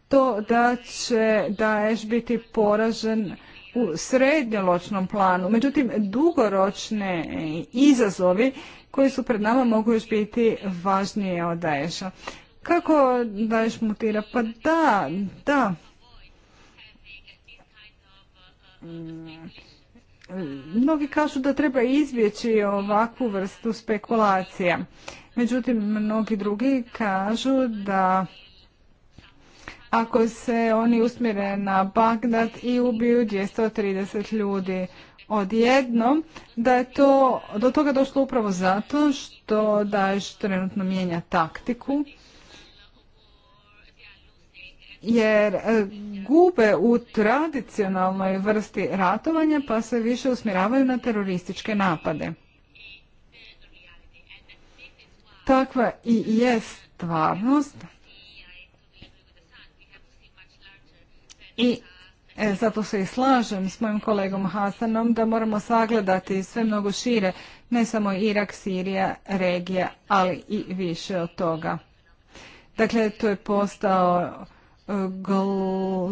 to da će Daesh biti poražen u srednjoročnom planu. Međutim, dugoročne izazovi koji su pred nama mogu još biti važnije od Daesha. Kako Daesh mutira? Pa da, da. Mnogi kažu da treba izbjeći ovakvu vrstu spekulacija. Međutim, mnogi drugi kažu da ako se oni usmjere na Bagdad i ubiju 230 ljudi odjednom, da je to do toga došlo upravo zato što Daesh trenutno mijenja taktiku jer e, gube u tradicionalnoj vrsti ratovanja pa se više usmjeravaju na terorističke napade. Takva i je stvarnost I e, zato se i slažem s mojim kolegom Hasanom da moramo sagledati sve mnogo šire, ne samo Irak, Sirija, regija, ali i više od toga. Dakle, to je postao e,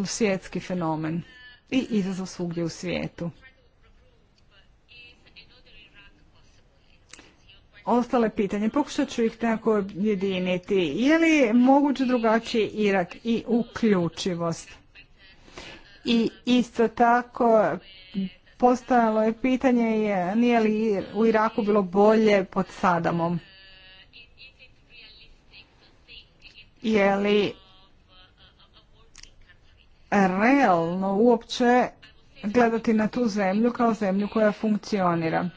svjetski fenomen i izazov svugdje u svijetu. Ostale pitanje, pokušat ću ih nekako objediniti. Je li moguće drugačiji Irak i uključivost? i isto tako postojalo je pitanje je, nije li u Iraku bilo bolje pod Sadamom. Je li realno uopće gledati na tu zemlju kao zemlju koja funkcionira.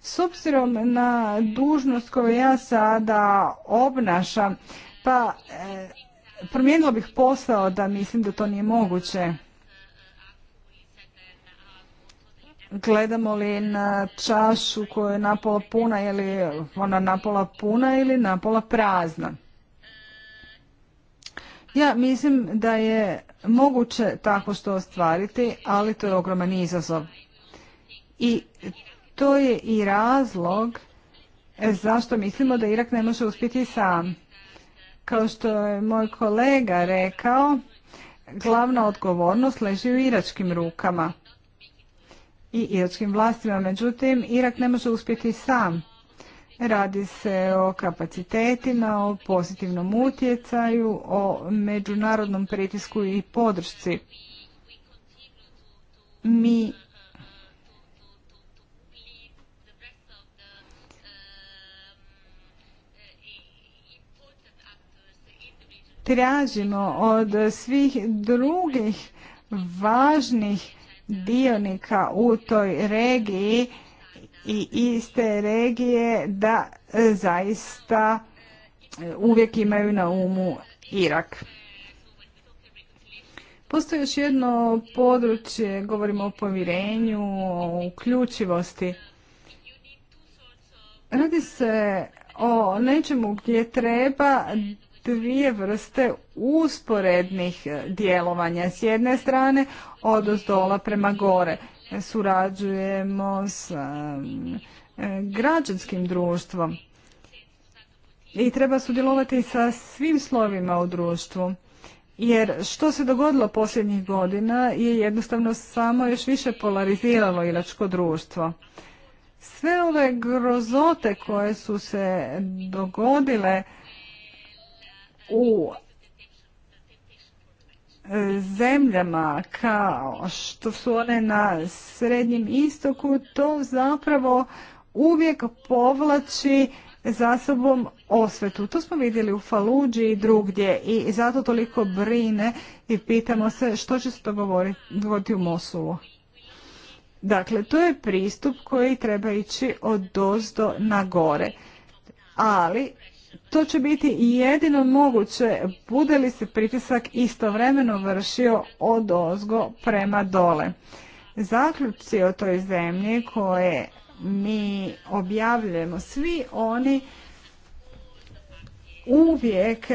S obzirom na dužnost koju ja sada obnašam, pa e, Promijenila bih posao da mislim da to nije moguće. Gledamo li na čašu koja je napola puna, ili ona napola puna ili napola prazna? Ja mislim da je moguće tako što ostvariti, ali to je ogroman izazov. I to je i razlog zašto mislimo da Irak ne može uspjeti sam. Kao što je moj kolega rekao, glavna odgovornost leži u iračkim rukama i iračkim vlastima. Međutim, Irak ne može uspjeti sam. Radi se o kapacitetima, o pozitivnom utjecaju, o međunarodnom pritisku i podršci. Mi tražimo od svih drugih važnih dionika u toj regiji i te regije da zaista uvijek imaju na umu Irak. Postoji još jedno područje, govorimo o povjerenju, o uključivosti. Radi se o nečemu gdje treba dvije vrste usporednih e, djelovanja. S jedne strane od dola prema gore surađujemo s e, e, građanskim društvom i treba sudjelovati sa svim slovima u društvu. Jer što se dogodilo posljednjih godina je jednostavno samo još više polariziralo iračko društvo. Sve ove grozote koje su se dogodile u e, zemljama kao što su one na Srednjem istoku, to zapravo uvijek povlači za sobom osvetu. To smo vidjeli u Faluđi i drugdje i zato toliko brine i pitamo se što će se to govoriti u Mosulu. Dakle, to je pristup koji treba ići od dozdo na gore. Ali to će biti jedino moguće bude li se pritisak istovremeno vršio od ozgo prema dole. Zaključci o toj zemlji koje mi objavljujemo, svi oni uvijek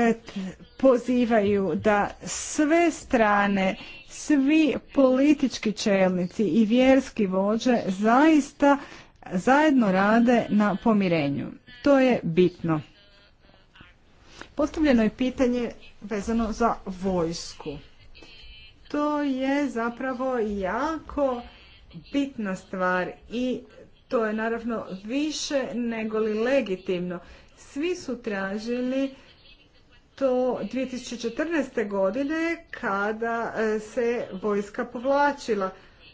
pozivaju da sve strane, svi politički čelnici i vjerski vođe zaista zajedno rade na pomirenju. To je bitno. Postavljeno je pitanje vezano za vojsku. To je zapravo jako bitna stvar i to je naravno više nego li legitimno. Svi su tražili to 2014. godine kada e, se vojska povlačila.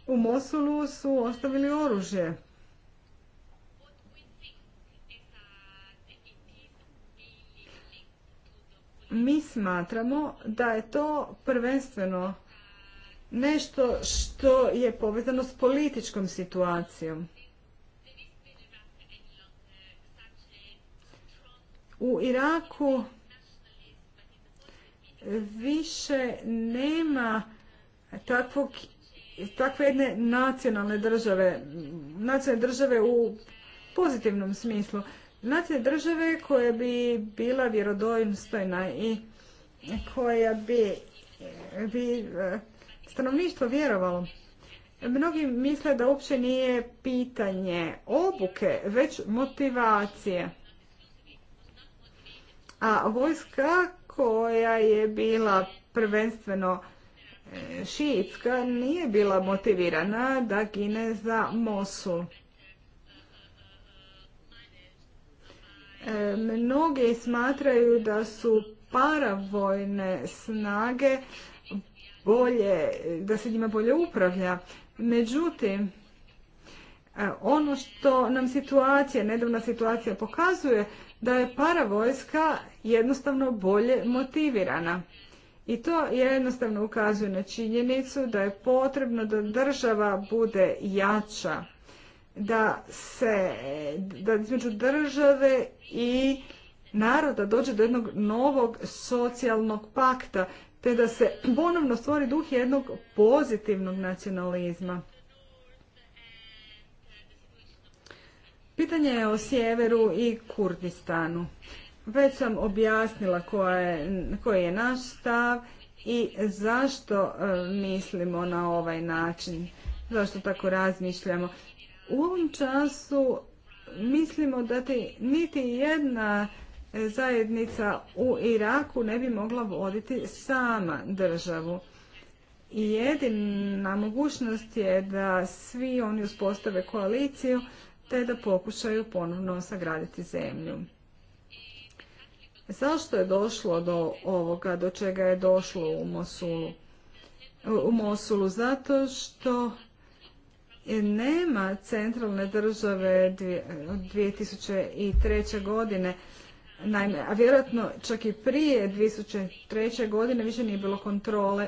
U Mosulu su ostavili oružje. mi smatramo da je to prvenstveno nešto što je povezano s političkom situacijom. U Iraku više nema takvog, takve jedne nacionalne države, nacionalne države u pozitivnom smislu. Nacije države koje bi bila vjerodojnostojna i koja bi, bi e, stanovništvo vjerovalo. Mnogi misle da uopće nije pitanje obuke, već motivacije. A vojska koja je bila prvenstveno e, šiitska nije bila motivirana da gine za Mosul. E, mnogi smatraju da su paravojne snage bolje, da se njima bolje upravlja. Međutim, e, ono što nam situacija, nedavna situacija pokazuje, da je paravojska jednostavno bolje motivirana. I to jednostavno ukazuje na činjenicu da je potrebno da država bude jača da se, da između države i naroda dođe do jednog novog socijalnog pakta, te da se ponovno stvori duh jednog pozitivnog nacionalizma. Pitanje je o sjeveru i Kurdistanu. Već sam objasnila koji je naš stav i zašto e, mislimo na ovaj način, zašto tako razmišljamo. U ovom času mislimo da ti niti jedna e, zajednica u Iraku ne bi mogla voditi sama državu. I jedina mogućnost je da svi oni uspostave koaliciju te da pokušaju ponovno sagraditi zemlju. Zašto je došlo do ovoga, do čega je došlo u Mosulu? U Mosulu zato što E, nema centralne države od 2003. godine, naime, a vjerojatno čak i prije 2003. godine više nije bilo kontrole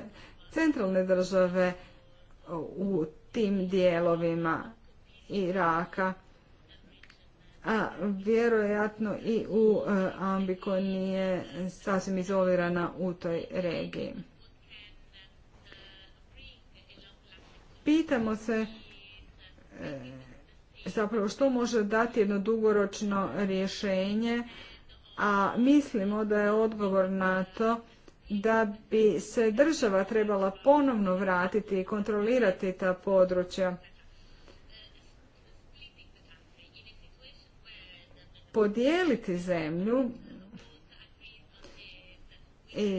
centralne države u tim dijelovima Iraka. A vjerojatno i u e, Ambiko nije sasvim izolirana u toj regiji. Pitamo se E, zapravo što može dati jedno dugoročno rješenje, a mislimo da je odgovor na to da bi se država trebala ponovno vratiti i kontrolirati ta područja. Podijeliti zemlju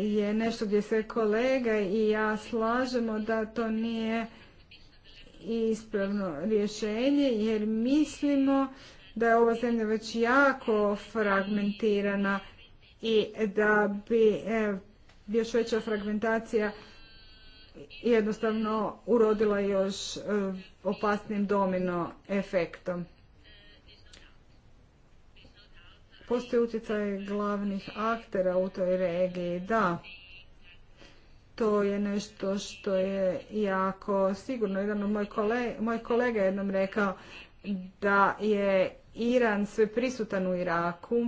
je nešto gdje se kolega i ja slažemo da to nije ispravno rješenje jer mislimo da je ova zemlja već jako fragmentirana i da bi e, još veća fragmentacija jednostavno urodila još e, opasnim domino efektom. Postoji utjecaj glavnih aktera u toj regiji, da to je nešto što je jako sigurno. Jedan moj kolega jednom rekao da je Iran sve prisutan u Iraku.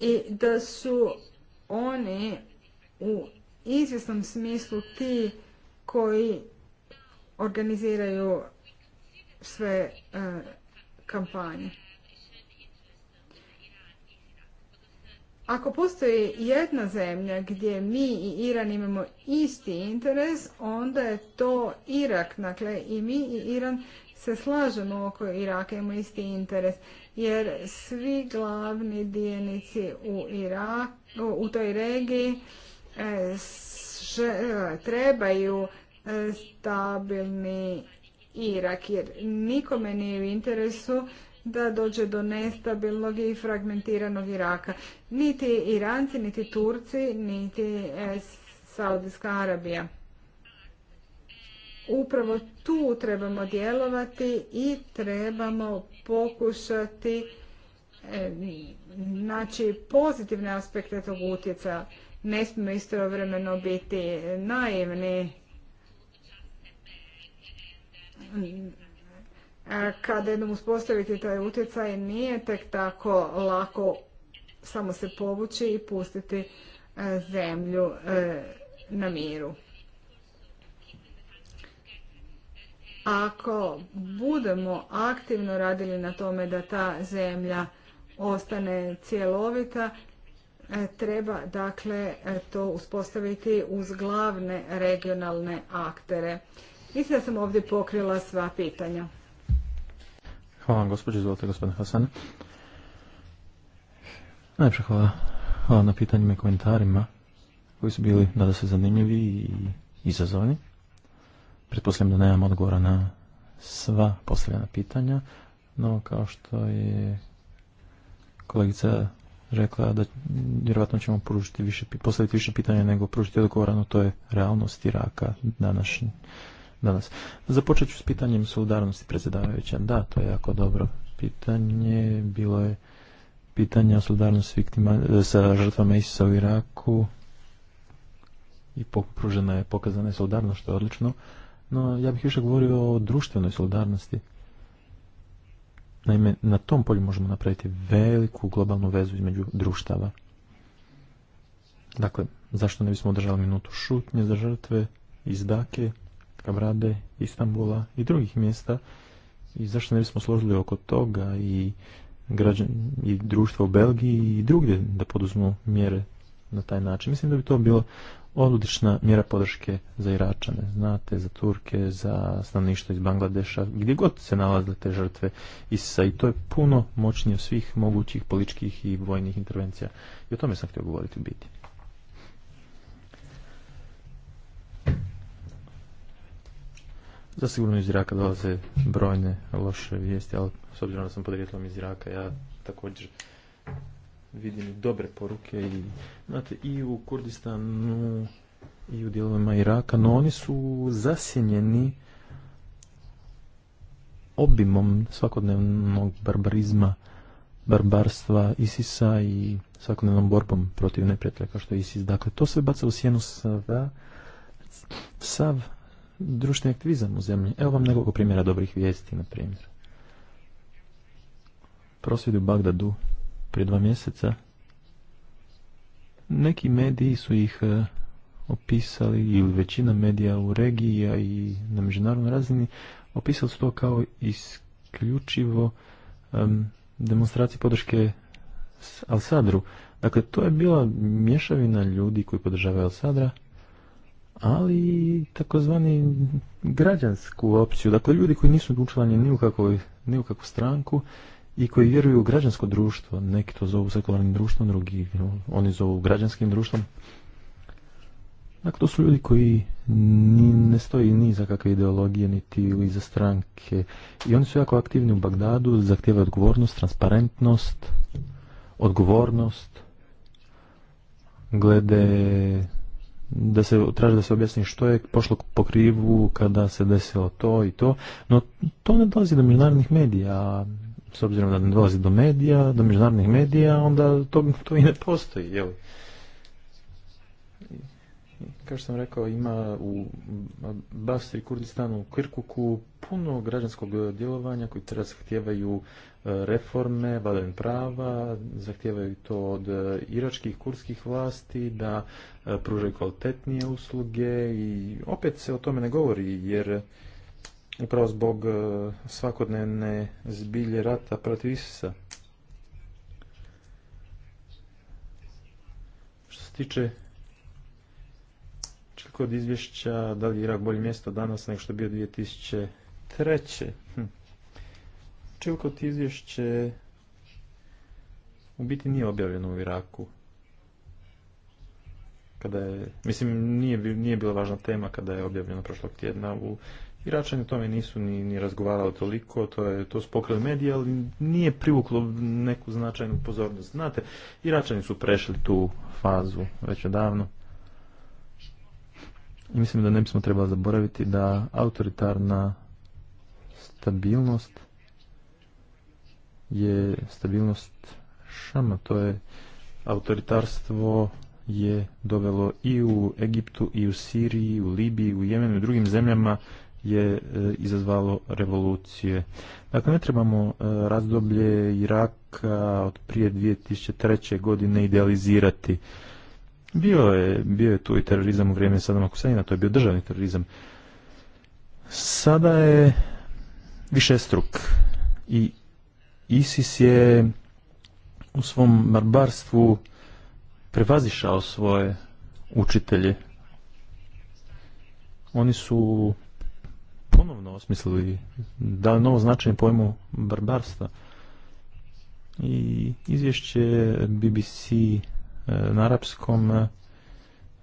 I da su oni u izvjesnom smislu ti koji organiziraju sve eh, kampanje. Ako postoji jedna zemlja gdje mi i Iran imamo isti interes, onda je to Irak. Dakle, i mi i Iran se slažemo oko Iraka, imamo isti interes. Jer svi glavni dijenici u, Irak, u toj regiji eh, eh, trebaju eh, stabilni Irak, jer nikome nije u interesu da dođe do nestabilnog i fragmentiranog Iraka. Niti Iranci, niti Turci, niti e, Saudijska Arabija. Upravo tu trebamo djelovati i trebamo pokušati e, naći pozitivne aspekte tog utjecaja. Ne smijemo istovremeno biti naivni kada jednom uspostaviti taj utjecaj nije tek tako lako samo se povući i pustiti e, zemlju e, na miru. Ako budemo aktivno radili na tome da ta zemlja ostane cjelovita, e, treba dakle to uspostaviti uz glavne regionalne aktere. Mislim da sam ovdje pokrila sva pitanja. Hvala vam, gospođo. Izvolite, gospodine Hasan. Najprej hvala. hvala na pitanjima i komentarima koji su bili, nada se, zanimljivi i izazovni. Pretpostavljam da nemam odgovora na sva postavljena pitanja, no kao što je kolegica rekla da vjerojatno ćemo pružiti više, postaviti više pitanja nego pružiti odgovora, no to je realnost Iraka današnji danas. Započet ću s pitanjem solidarnosti predsjedavajuća. Da, to je jako dobro pitanje. Bilo je pitanje o solidarnosti viktima, e, sa žrtvama Isisa u Iraku i pružena je pokazana je solidarnost, što je odlično. No, ja bih više govorio o društvenoj solidarnosti. Naime, na tom polju možemo napraviti veliku globalnu vezu između društava. Dakle, zašto ne bismo održali minutu šutnje za žrtve izdake Kamrade, Istambula i drugih mjesta i zašto ne bismo složili oko toga i, građan, i društvo u Belgiji i drugdje da poduzmu mjere na taj način. Mislim da bi to bilo odlična mjera podrške za Iračane, znate, za Turke, za stanovništvo iz Bangladeša, gdje god se nalaze te žrtve isis i to je puno moćnije svih mogućih političkih i vojnih intervencija. I o tome sam htio govoriti u biti. Zasigurno iz Iraka dolaze brojne loše vijesti, ali s obzirom da sam podrijetlom iz Iraka, ja također vidim dobre poruke i, znate, i u Kurdistanu i u dijelovima Iraka, no oni su zasjenjeni obimom svakodnevnog barbarizma, barbarstva Isisa i svakodnevnom borbom protiv neprijatelja kao što je Isis. Dakle, to sve baca u sjenu sav društveni aktivizam u zemlji. Evo vam nekoliko primjera dobrih vijesti, na primjer. Prosvjedi u Bagdadu prije dva mjeseca. Neki mediji su ih e, opisali, ili većina medija u regiji, a i na međunarodnoj razini, opisali su to kao isključivo um, demonstracije podrške Al-Sadru. Dakle, to je bila mješavina ljudi koji podržavaju Al-Sadra, ali takozvani građansku opciju. Dakle, ljudi koji nisu učlanjeni ni u kakvu stranku i koji vjeruju u građansko društvo. Neki to zovu sekularnim društvom, drugi oni zovu građanskim društvom. Dakle, to su ljudi koji ne stoji ni za kakve ideologije, niti iza stranke. I oni su jako aktivni u Bagdadu, zahtijevaju odgovornost, transparentnost, odgovornost glede da se traži da se objasni što je pošlo po krivu kada se desilo to i to, no to ne dolazi do međunarodnih medija, s obzirom da ne dolazi do medija, do međunarodnih medija, onda to, to i ne postoji, jel? kao što sam rekao, ima u Basri, Kurdistanu, u Kirkuku puno građanskog djelovanja koji treba zahtijevaju e, reforme, vladavin prava, zahtijevaju to od e, iračkih, kurskih vlasti da e, pružaju kvalitetnije usluge i opet se o tome ne govori jer upravo zbog svakodnevne zbilje rata protiv Isisa. Što se tiče kod izvješća da li je Irak bolje mjesto danas nego što je bio 2003. Hm. kod izvješće u biti nije objavljeno u Iraku. Kada je, mislim, nije, nije bila važna tema kada je objavljeno prošlog tjedna u Iračani o tome nisu ni, ni razgovarali toliko, to je to spokrili medije, ali nije privuklo neku značajnu pozornost. Znate, Iračani su prešli tu fazu već odavno. I mislim da ne bismo trebali zaboraviti da autoritarna stabilnost je stabilnost šama, to je autoritarstvo je dovelo i u Egiptu, i u Siriji, u Libiji, u Jemenu i u drugim zemljama je e, izazvalo revolucije. Dakle, ne trebamo e, razdoblje Iraka od prije 2003. godine idealizirati. Bio je, bio je tu i terorizam u vrijeme Sadama na to je bio državni terorizam. Sada je više struk i ISIS je u svom barbarstvu prevazišao svoje učitelje. Oni su ponovno osmislili da novo značenje pojmu barbarstva. I izvješće BBC E, na arapskom. E,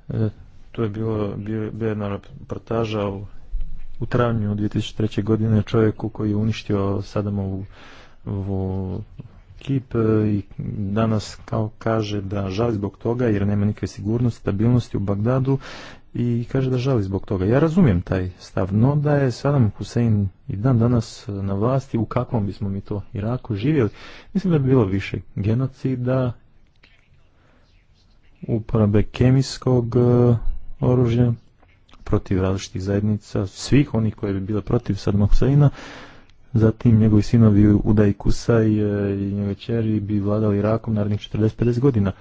e, to je bilo, bio, bio jedna reportaža u, u travnju 2003. godine čovjeku koji je uništio Sadamovu u kip i danas kao kaže da žali zbog toga jer nema nikakve sigurnosti, stabilnosti u Bagdadu i kaže da žali zbog toga. Ja razumijem taj stav, no da je Saddam Hussein i dan danas na vlasti, u kakvom bismo mi to Iraku živjeli, mislim da bi bilo više genocida uporabe kemijskog e, oružja protiv različitih zajednica, svih onih koje bi bile protiv Sadma Huseina, zatim njegovi sinovi Udaj Kusaj e, i njegove čeri bi vladali Irakom narednih 40-50 godina.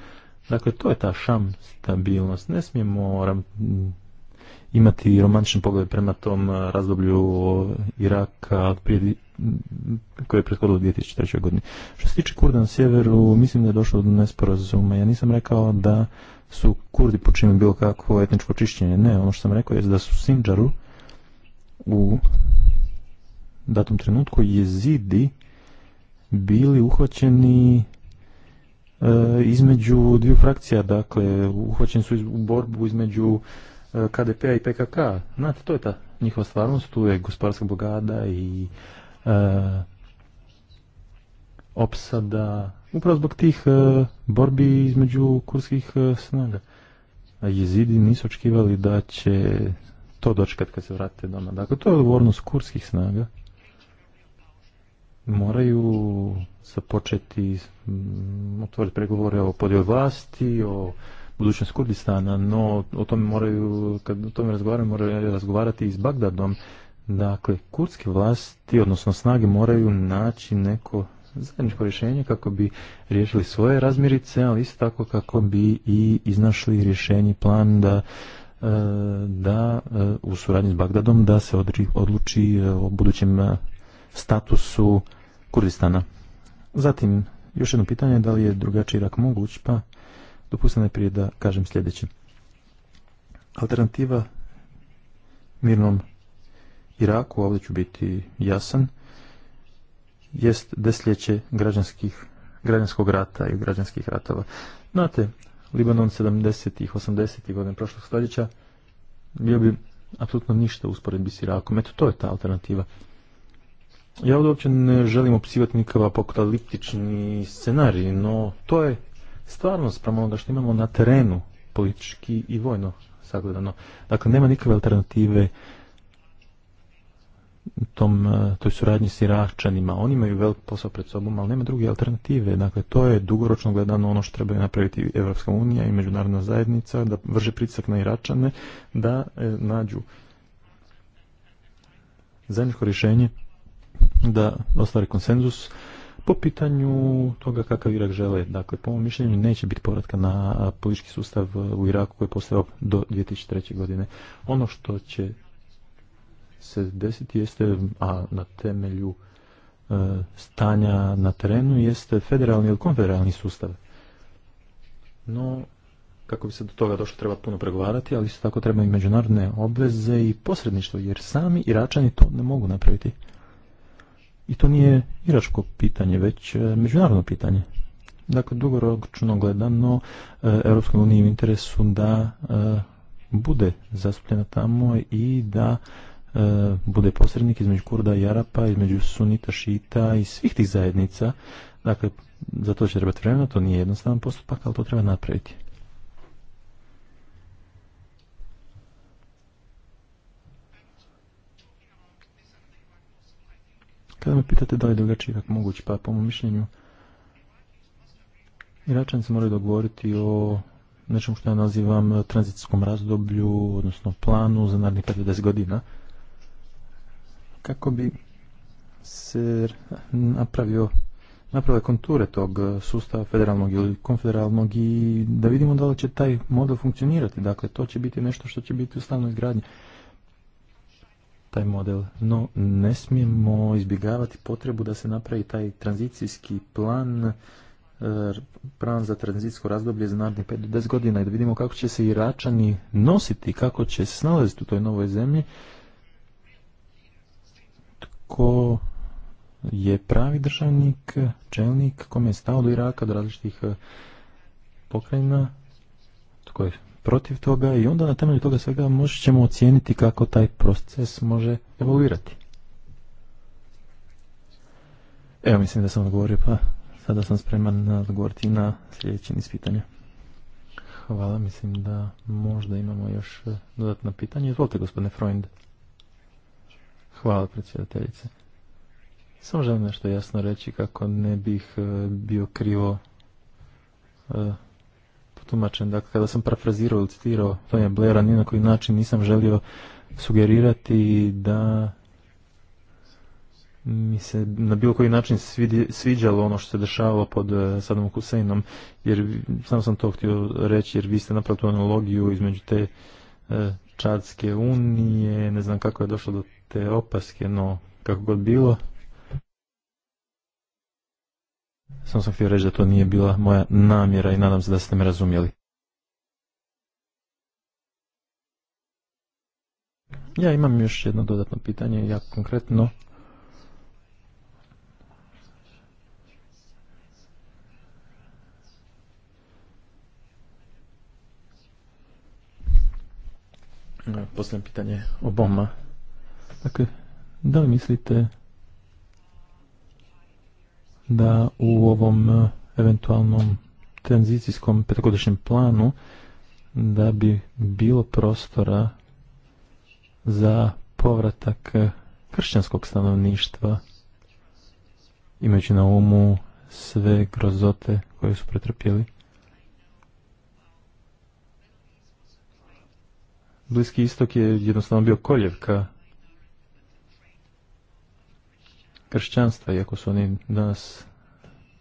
Dakle, to je ta šam stabilnost. Ne smijemo imati romantičan pogled prema tom e, razdoblju Iraka prije koje je prethodilo 2003. godine. Što se tiče Kurda na sjeveru, mislim da je došlo do nesporazuma. Ja nisam rekao da su Kurdi počinili bilo kakvo etničko čišćenje. Ne, ono što sam rekao je da su Sinđaru u datom trenutku jezidi bili uhvaćeni e, između dviju frakcija, dakle, uhvaćeni su u borbu između e, KDP-a i PKK. Znate, to je ta njihova stvarnost, tu je gospodarska bogada i e, opsada, upravo zbog tih e, borbi između kurskih e, snaga. A jezidi nisu očekivali da će to dočekati kad se vrate doma. Dakle, to je odgovornost kurskih snaga. Moraju započeti m, mm, otvoriti pregovore o podjeli vlasti, o budućnost Kurdistana, no o tome moraju, kad o tome razgovaraju, moraju razgovarati i s Bagdadom Dakle, kurdske vlasti, odnosno snage, moraju naći neko zajedničko rješenje kako bi riješili svoje razmirice, ali isto tako kako bi i iznašli rješenje plan da e, da e, u suradnji s Bagdadom da se odluči e, o budućem statusu Kurdistana. Zatim, još jedno pitanje, da li je drugačiji rak moguć, pa dopustam najprije da kažem sljedeće. Alternativa mirnom Iraku, ovdje ću biti jasan, jest desljeće građanskih, građanskog rata i građanskih ratova. Znate, Libanon 70 i 80 godine godina prošlog stoljeća bio bi apsolutno ništa usporedbi s Irakom. Eto, to je ta alternativa. Ja ovdje uopće ne želim opisivati nikakav apokaliptični scenarij, no to je stvarno spravo onoga što imamo na terenu, politički i vojno sagledano. Dakle, nema nikakve alternative tom, e, toj suradnji s Iračanima. Oni imaju velik posao pred sobom, ali nema druge alternative. Dakle, to je dugoročno gledano ono što trebaju napraviti Evropska unija i međunarodna zajednica, da vrže pritisak na Iračane, da e, nađu zajedničko rješenje, da ostvari konsenzus po pitanju toga kakav Irak žele. Dakle, po mom mišljenju neće biti povratka na politički sustav u Iraku koji je postao do 2003. godine. Ono što će se desiti jeste, a na temelju e, stanja na terenu jeste federalni ili konfederalni sustav. No, kako bi se do toga došlo treba puno pregovarati, ali isto tako treba i međunarodne obveze i posredništvo, jer sami Iračani to ne mogu napraviti. I to nije iračko pitanje, već e, međunarodno pitanje. Dakle, dugoročno gledano, e, EU uniji u interesu da bude zastupljena tamo i da E, bude posrednik između Kurda i Arapa, između Sunita, Šita i svih tih zajednica. Dakle, za to će trebati vremena, to nije jednostavan postupak, ali to treba napraviti. Kada me pitate da li je drugačiji kako mogući, pa po mom mišljenju Iračani se moraju dogovoriti o nečemu što ja nazivam tranzitskom razdoblju, odnosno planu za narednih 50 godina kako bi se napravio naprave konture tog e, sustava federalnog ili konfederalnog i da vidimo da li će taj model funkcionirati. Dakle, to će biti nešto što će biti u stalnoj izgradnji taj model. No, ne smijemo izbjegavati potrebu da se napravi taj tranzicijski plan e, plan za tranzicijsko razdoblje za narednih 5 do 10 godina i da vidimo kako će se Iračani nositi, kako će se snalaziti u toj novoj zemlji ko je pravi državnik, čelnik, kome je stao do Iraka, do različitih e, pokrajina, tko je protiv toga i onda na temelju toga svega moći ćemo ocijeniti kako taj proces može evoluirati. Evo mislim da sam odgovorio, pa sada sam spreman odgovoriti na sljedeće niz Hvala, mislim da možda imamo još e, dodatno pitanje. Izvolite gospodine Freund. Hvala predsjedateljice. Samo želim nešto jasno reći kako ne bih e, bio krivo e, potumačen. Dakle, kada sam parafrazirao ili citirao Tonja Blaira, ni na koji način nisam želio sugerirati da mi se na bilo koji način sviđalo ono što se dešavalo pod e, Sadom Huseinom, jer samo sam to htio reći, jer vi ste napravili tu analogiju između te Čadske unije, ne znam kako je došlo do te opaske, no kako god bilo, sam sam htio reći da to nije bila moja namjera i nadam se da ste me razumjeli. Ja imam još jedno dodatno pitanje, ja konkretno. Posljedno pitanje oboma Dakle, da li mislite da u ovom e, eventualnom tranzicijskom petogodišnjem planu da bi bilo prostora za povratak e, kršćanskog stanovništva imajući na umu sve grozote koje su pretrpjeli. Bliski istok je jednostavno bio koljevka kršćanstva, iako su oni danas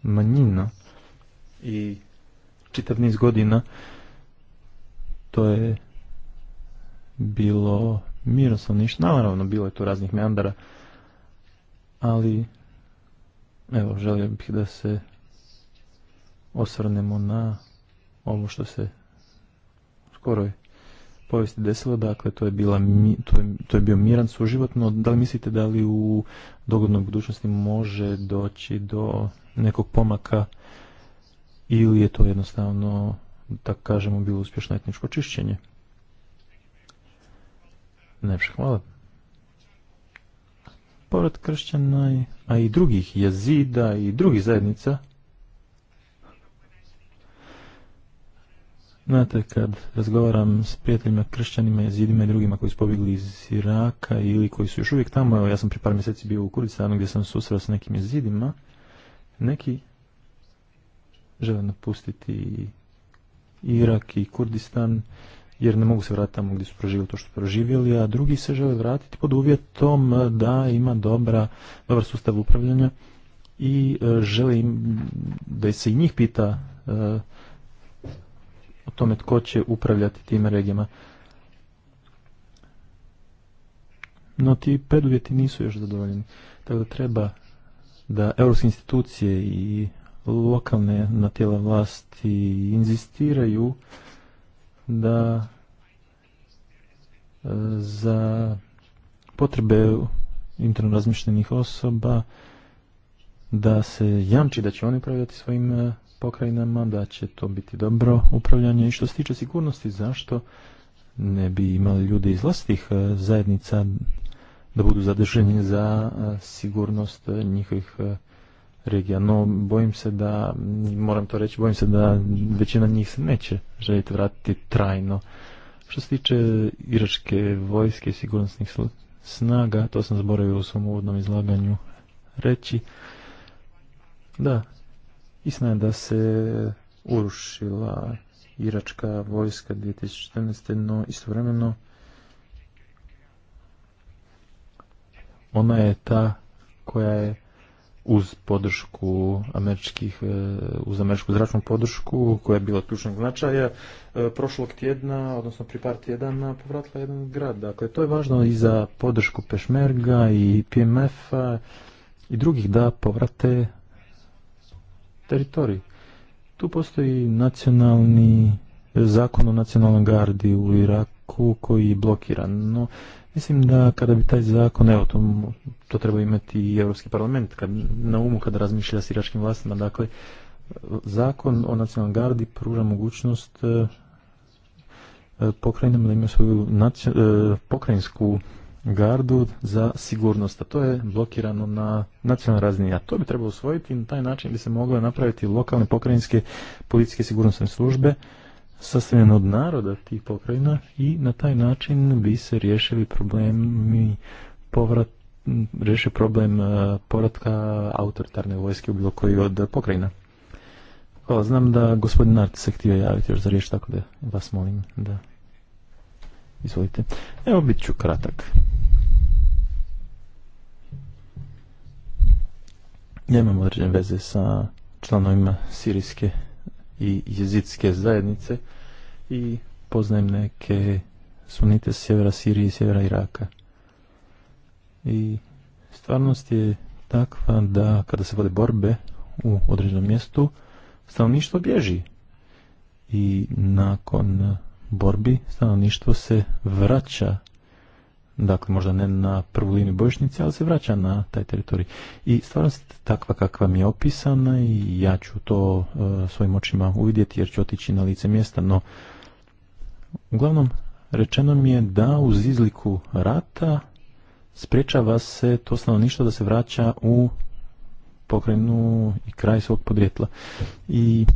manjina i čitav niz godina to je bilo ništa naravno bilo je tu raznih meandara, ali evo želio bih da se osvrnemo na ovo što se skoro skoroj povijesti desilo, dakle to je, bila, to je, to je bio miran no da li mislite da li u dogodnoj budućnosti može doći do nekog pomaka ili je to jednostavno, da kažemo, bilo uspješno etničko čišćenje? Najpšak, hvala. Povrat kršćana, a i drugih jezida i drugih zajednica Znate, kad razgovaram s prijateljima, kršćanima, jezidima i drugima koji su pobjegli iz Iraka ili koji su još uvijek tamo, evo ja sam prije par mjeseci bio u Kurdistanu gdje sam susreo s nekim jezidima, neki žele napustiti Irak i Kurdistan jer ne mogu se vratiti tamo gdje su proživjeli to što su proživjeli, a drugi se žele vratiti pod uvjetom da ima dobra, dobar sustav upravljanja i e, žele im, da se i njih pita e, o tome tko će upravljati tim regijama. No ti preduvjeti nisu još zadovoljeni. Tako da treba da europske institucije i lokalne na tijela vlasti inzistiraju da e, za potrebe interno razmišljenih osoba da se jamči da će oni upravljati svojim e, pokrajinama, da će to biti dobro upravljanje. I što se tiče sigurnosti, zašto ne bi imali ljudi iz vlastitih e, zajednica da budu zadrženi za e, sigurnost e, njihovih regija. No, bojim se da, moram to reći, bojim se da većina njih se neće željeti vratiti trajno. Što se tiče iračke vojske i sigurnosnih snaga, to sam zaboravio u svom uvodnom izlaganju reći. Da, Istina je da se urušila iračka vojska 2014. no istovremeno ona je ta koja je uz podršku američkih, e, uz američku zračnu podršku koja je bila ključnog značaja e, prošlog tjedna, odnosno pri par tjedana povratila jedan grad. Dakle, to je važno i za podršku Pešmerga i PMF-a i drugih da povrate teritorij. Tu postoji nacionalni zakon o nacionalnoj gardi u Iraku koji je blokiran. No, mislim da kada bi taj zakon, evo to, treba imati i Europski parlament kad, na umu kada razmišlja s iračkim vlastima. Dakle, zakon o nacionalnoj gardi pruža mogućnost e, e, pokrajinama da imaju svoju nacio, e, pokrajinsku gardu za sigurnost, a to je blokirano na nacionalnoj razini, a to bi trebalo usvojiti i na taj način bi se mogle napraviti lokalne pokrajinske policijske sigurnosne službe sastavljene od naroda tih pokrajina i na taj način bi se riješili problemi povrat, riješio problem e, povratka autoritarne vojske u bilo koji od pokrajina. Hvala, znam da gospodin Nart se htio javiti još za riječ, tako da vas molim da Izvolite. Evo bit ću kratak. Ja imam određene veze sa članovima sirijske i jezitske zajednice i poznajem neke sunite sjevera Sirije i sjevera Iraka. I stvarnost je takva da kada se vode borbe u određenom mjestu, stanovništvo bježi. I nakon borbi stanovništvo se vraća dakle možda ne na prvu liniju bojišnice, ali se vraća na taj teritorij. I stvarno je takva kakva mi je opisana i ja ću to e, svojim očima uvidjeti jer ću otići na lice mjesta, no uglavnom rečeno mi je da uz izliku rata sprečava se to ništa da se vraća u pokrenu i kraj svog podrijetla. I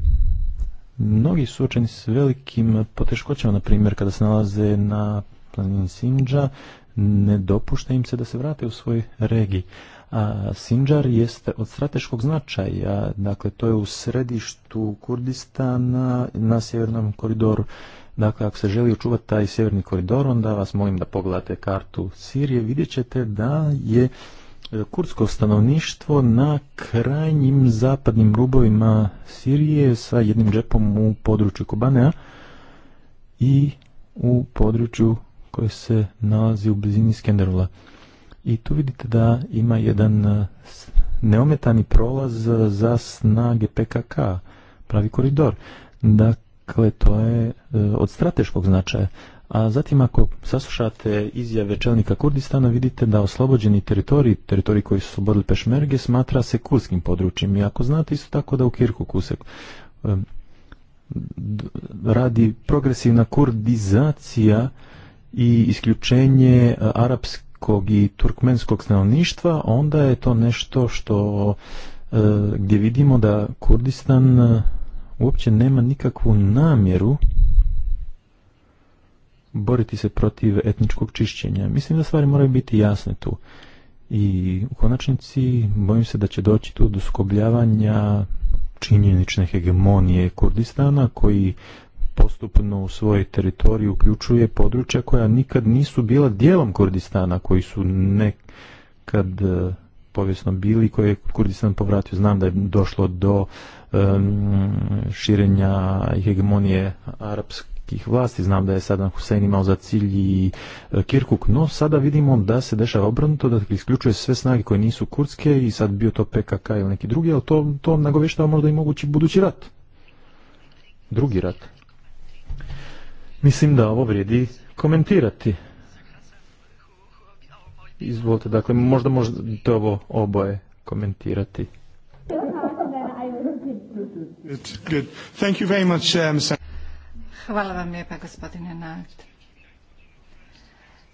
mnogi su suočeni s velikim poteškoćama, na primjer, kada se nalaze na planini Sinđa, ne dopušta im se da se vrate u svoj regiji. A Sinđar jeste od strateškog značaja, dakle to je u središtu Kurdistana na sjevernom koridoru. Dakle, ako se želi očuvati taj sjeverni koridor, onda vas molim da pogledate kartu Sirije, vidjet ćete da je e, kurdsko stanovništvo na krajnjim zapadnim rubovima Sirije sa jednim džepom u području Kobanea i u području koji se nalazi u blizini Skenderula. I tu vidite da ima jedan e, neometani prolaz za snage PKK, pravi koridor. Dakle, to je e, od strateškog značaja. A zatim ako saslušate izjave čelnika Kurdistana vidite da oslobođeni teritorij, teritorij koji su borili pešmerge, smatra se kurskim područjem. I ako znate isto tako da u Kirku Kusek e, radi progresivna kurdizacija i isključenje e, arapskog i turkmenskog stanovništva, onda je to nešto što e, gdje vidimo da Kurdistan e, uopće nema nikakvu namjeru boriti se protiv etničkog čišćenja. Mislim da stvari moraju biti jasne tu. I u konačnici bojim se da će doći tu do skobljavanja činjenične hegemonije Kurdistana koji postupno u svoj teritorij uključuje područja koja nikad nisu bila dijelom Kurdistana, koji su nekad e, povijesno bili koje je Kurdistan povratio. Znam da je došlo do e, širenja hegemonije arapskih vlasti. Znam da je Saddam Hussein imao za cilj i e, Kirkuk, no sada vidimo da se dešava obrnuto, da isključuje sve snage koje nisu kurdske i sad bio to PKK ili neki drugi, ali to, to nagovještava možda i mogući budući rat. Drugi rat. Mislim da ovo vrijedi komentirati. Izvolite, dakle, možda možete ovo oboje komentirati. Uh, Hvala vam lijepa, gospodine Nart.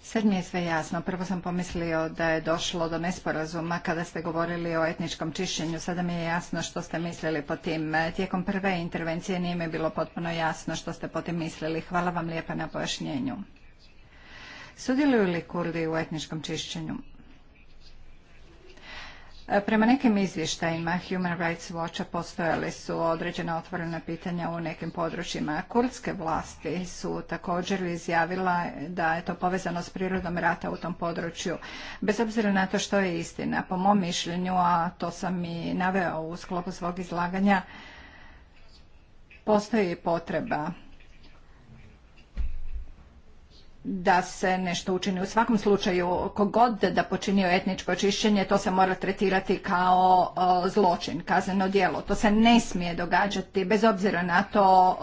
Sad mi je sve jasno. Prvo sam pomislio da je došlo do nesporazuma kada ste govorili o etničkom čišćenju. Sada mi je jasno što ste mislili po tim. Tijekom prve intervencije nije mi bilo potpuno jasno što ste po tim mislili. Hvala vam lijepa na pojašnjenju. Sudjeluju li Kurdi u etničkom čišćenju? Prema nekim izvještajima Human Rights Watcha postojali su određena otvorena pitanja u nekim područjima. Kurdske vlasti su također izjavila da je to povezano s prirodom rata u tom području. Bez obzira na to što je istina, po mom mišljenju, a to sam i naveo u sklopu svog izlaganja, postoji potreba da se nešto učini. U svakom slučaju, kogod da počinio etničko očišćenje, to se mora tretirati kao zločin, kazneno djelo. To se ne smije događati, bez obzira na to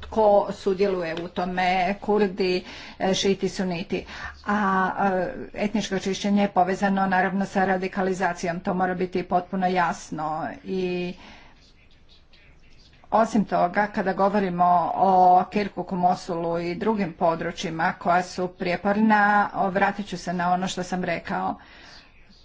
tko sudjeluje u tome, kurdi, e, šiti, suniti. A e, etničko očišćenje je povezano naravno sa radikalizacijom, to mora biti potpuno jasno i osim toga, kada govorimo o Kirkuku, Mosulu i drugim područjima koja su prijeporna, vratit ću se na ono što sam rekao.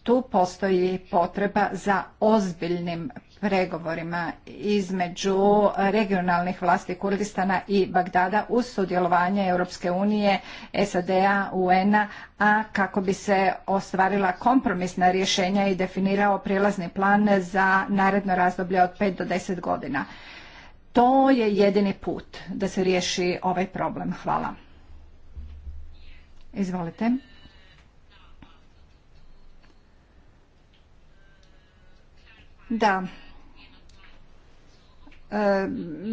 Tu postoji potreba za ozbiljnim pregovorima između regionalnih vlasti Kurdistana i Bagdada uz sudjelovanje Europske unije, SAD-a, UN-a, a kako bi se ostvarila kompromisna rješenja i definirao prijelazni plan za naredno razdoblje od 5 do 10 godina. To je jedini put da se riješi ovaj problem. Hvala. Izvolite. Da. E,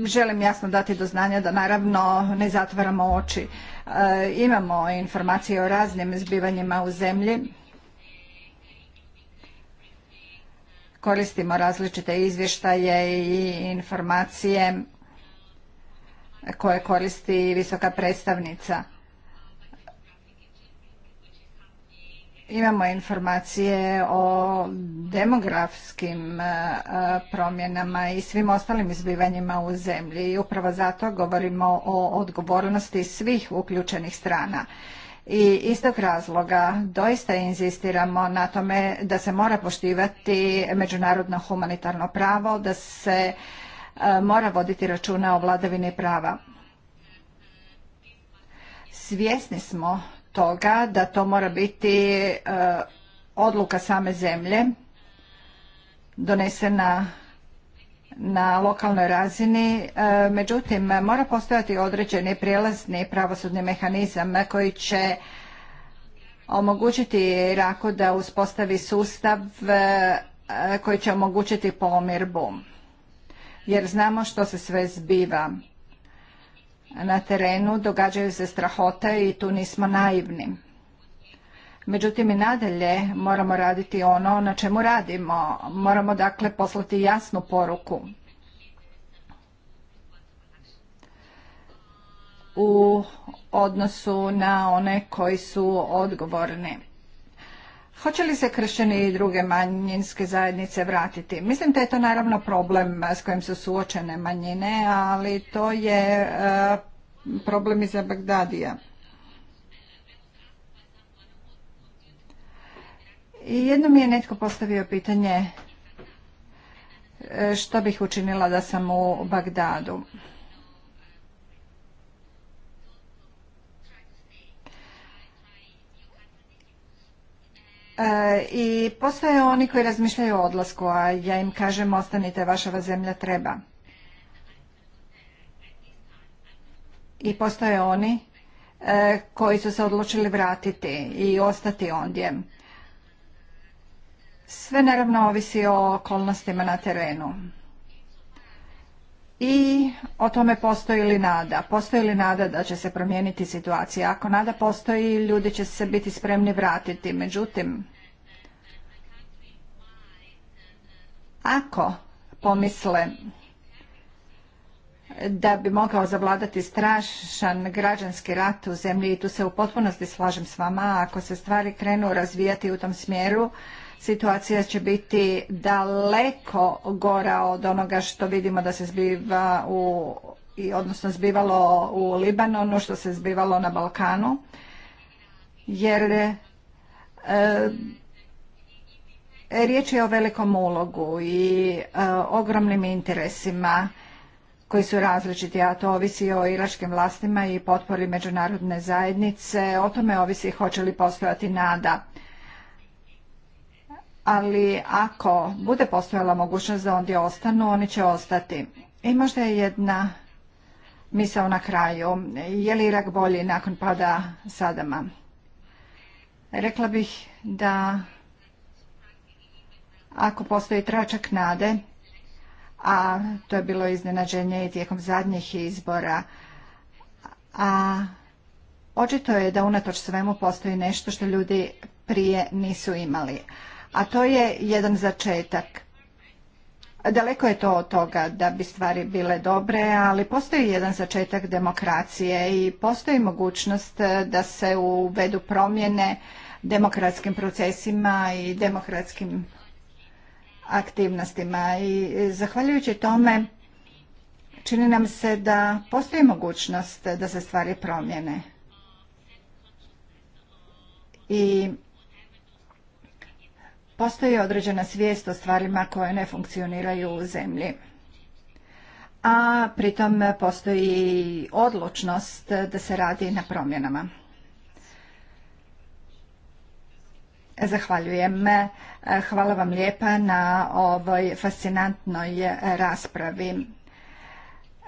želim jasno dati do znanja da naravno ne zatvaramo oči. E, imamo informacije o raznim zbivanjima u zemlji koristimo različite izvještaje i informacije koje koristi visoka predstavnica. Imamo informacije o demografskim e, promjenama i svim ostalim izbivanjima u zemlji i upravo zato govorimo o odgovornosti svih uključenih strana. I tog razloga doista inzistiramo na tome da se mora poštivati međunarodno humanitarno pravo, da se e, mora voditi računa o vladavini prava. Svjesni smo toga da to mora biti e, odluka same zemlje donesena na lokalnoj razini, e, međutim mora postojati određeni prijelazni pravosudni mehanizam koji će omogućiti Iraku da uspostavi sustav e, koji će omogućiti pomirbu. Jer znamo što se sve zbiva na terenu, događaju se strahote i tu nismo naivni. Međutim i nadalje moramo raditi ono na čemu radimo. Moramo dakle poslati jasnu poruku. u odnosu na one koji su odgovorni. Hoće li se kršćani i druge manjinske zajednice vratiti? Mislim da je to naravno problem s kojim su suočene manjine, ali to je e, problem iza Bagdadija. I jedno mi je netko postavio pitanje e, što bih učinila da sam u Bagdadu. E, I postoje oni koji razmišljaju o odlasku, a ja im kažem ostanite, vaša zemlja treba. I postoje oni e, koji su se odlučili vratiti i ostati ondje. Sve naravno ovisi o okolnostima na terenu. I o tome postoji li nada. Postoji li nada da će se promijeniti situacija. Ako nada postoji, ljudi će se biti spremni vratiti. Međutim, ako pomisle da bi mogao zavladati strašan građanski rat u zemlji i tu se u potpunosti slažem s vama, ako se stvari krenu razvijati u tom smjeru, situacija će biti daleko gora od onoga što vidimo da se zbiva u i odnosno zbivalo u Libanonu, što se zbivalo na Balkanu, jer e, riječ je o velikom ulogu i e, ogromnim interesima koji su različiti, a to ovisi o iračkim vlastima i potpori međunarodne zajednice. O tome ovisi hoće li postojati nada ali ako bude postojala mogućnost da ondje ostanu, oni će ostati. I možda je jedna misao na kraju. Je li Irak bolji nakon pada Sadama? Rekla bih da ako postoji tračak nade, a to je bilo iznenađenje i tijekom zadnjih izbora, a očito je da unatoč svemu postoji nešto što ljudi prije nisu imali a to je jedan začetak. Daleko je to od toga da bi stvari bile dobre, ali postoji jedan začetak demokracije i postoji mogućnost da se uvedu promjene demokratskim procesima i demokratskim aktivnostima. I zahvaljujući tome čini nam se da postoji mogućnost da se stvari promjene. I Postoji određena svijest o stvarima koje ne funkcioniraju u zemlji. A pritom postoji odlučnost da se radi na promjenama. Zahvaljujem. Hvala vam lijepa na ovoj fascinantnoj raspravi.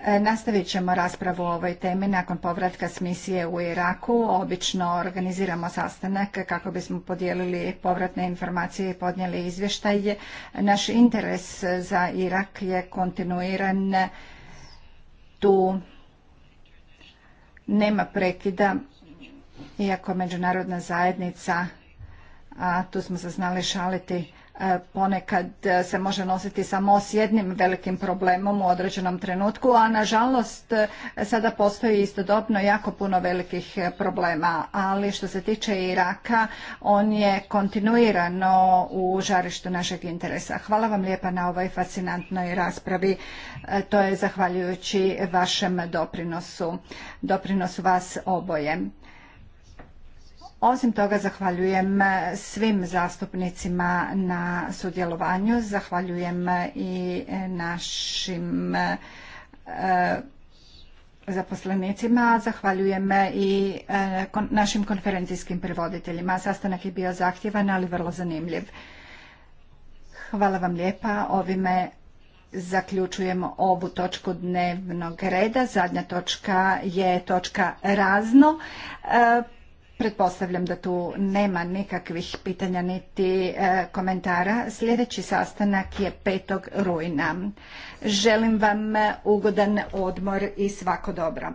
E, nastavit ćemo raspravu o ovoj temi nakon povratka s misije u Iraku. Obično organiziramo sastanak kako bismo podijelili povratne informacije i podnijeli izvještaje. Naš interes za Irak je kontinuiran. Tu nema prekida, iako međunarodna zajednica, a tu smo se znali šaliti, E, ponekad e, se može nositi samo s jednim velikim problemom u određenom trenutku, a nažalost e, sada postoji istodobno jako puno velikih problema. Ali što se tiče Iraka, on je kontinuirano u žarištu našeg interesa. Hvala vam lijepa na ovoj fascinantnoj raspravi. To je zahvaljujući vašem doprinosu, doprinosu vas oboje. Osim toga zahvaljujem e, svim zastupnicima na sudjelovanju, zahvaljujem e, i našim e, zaposlenicima, zahvaljujem i našim konferencijskim prevoditeljima. Sastanak je bio zahtjevan, ali vrlo zanimljiv. Hvala vam lijepa. Ovime zaključujemo ovu točku dnevnog reda. Zadnja točka je točka razno. Pretpostavljam da tu nema nikakvih pitanja niti e, komentara. Sljedeći sastanak je 5. rujna. Želim vam ugodan odmor i svako dobro.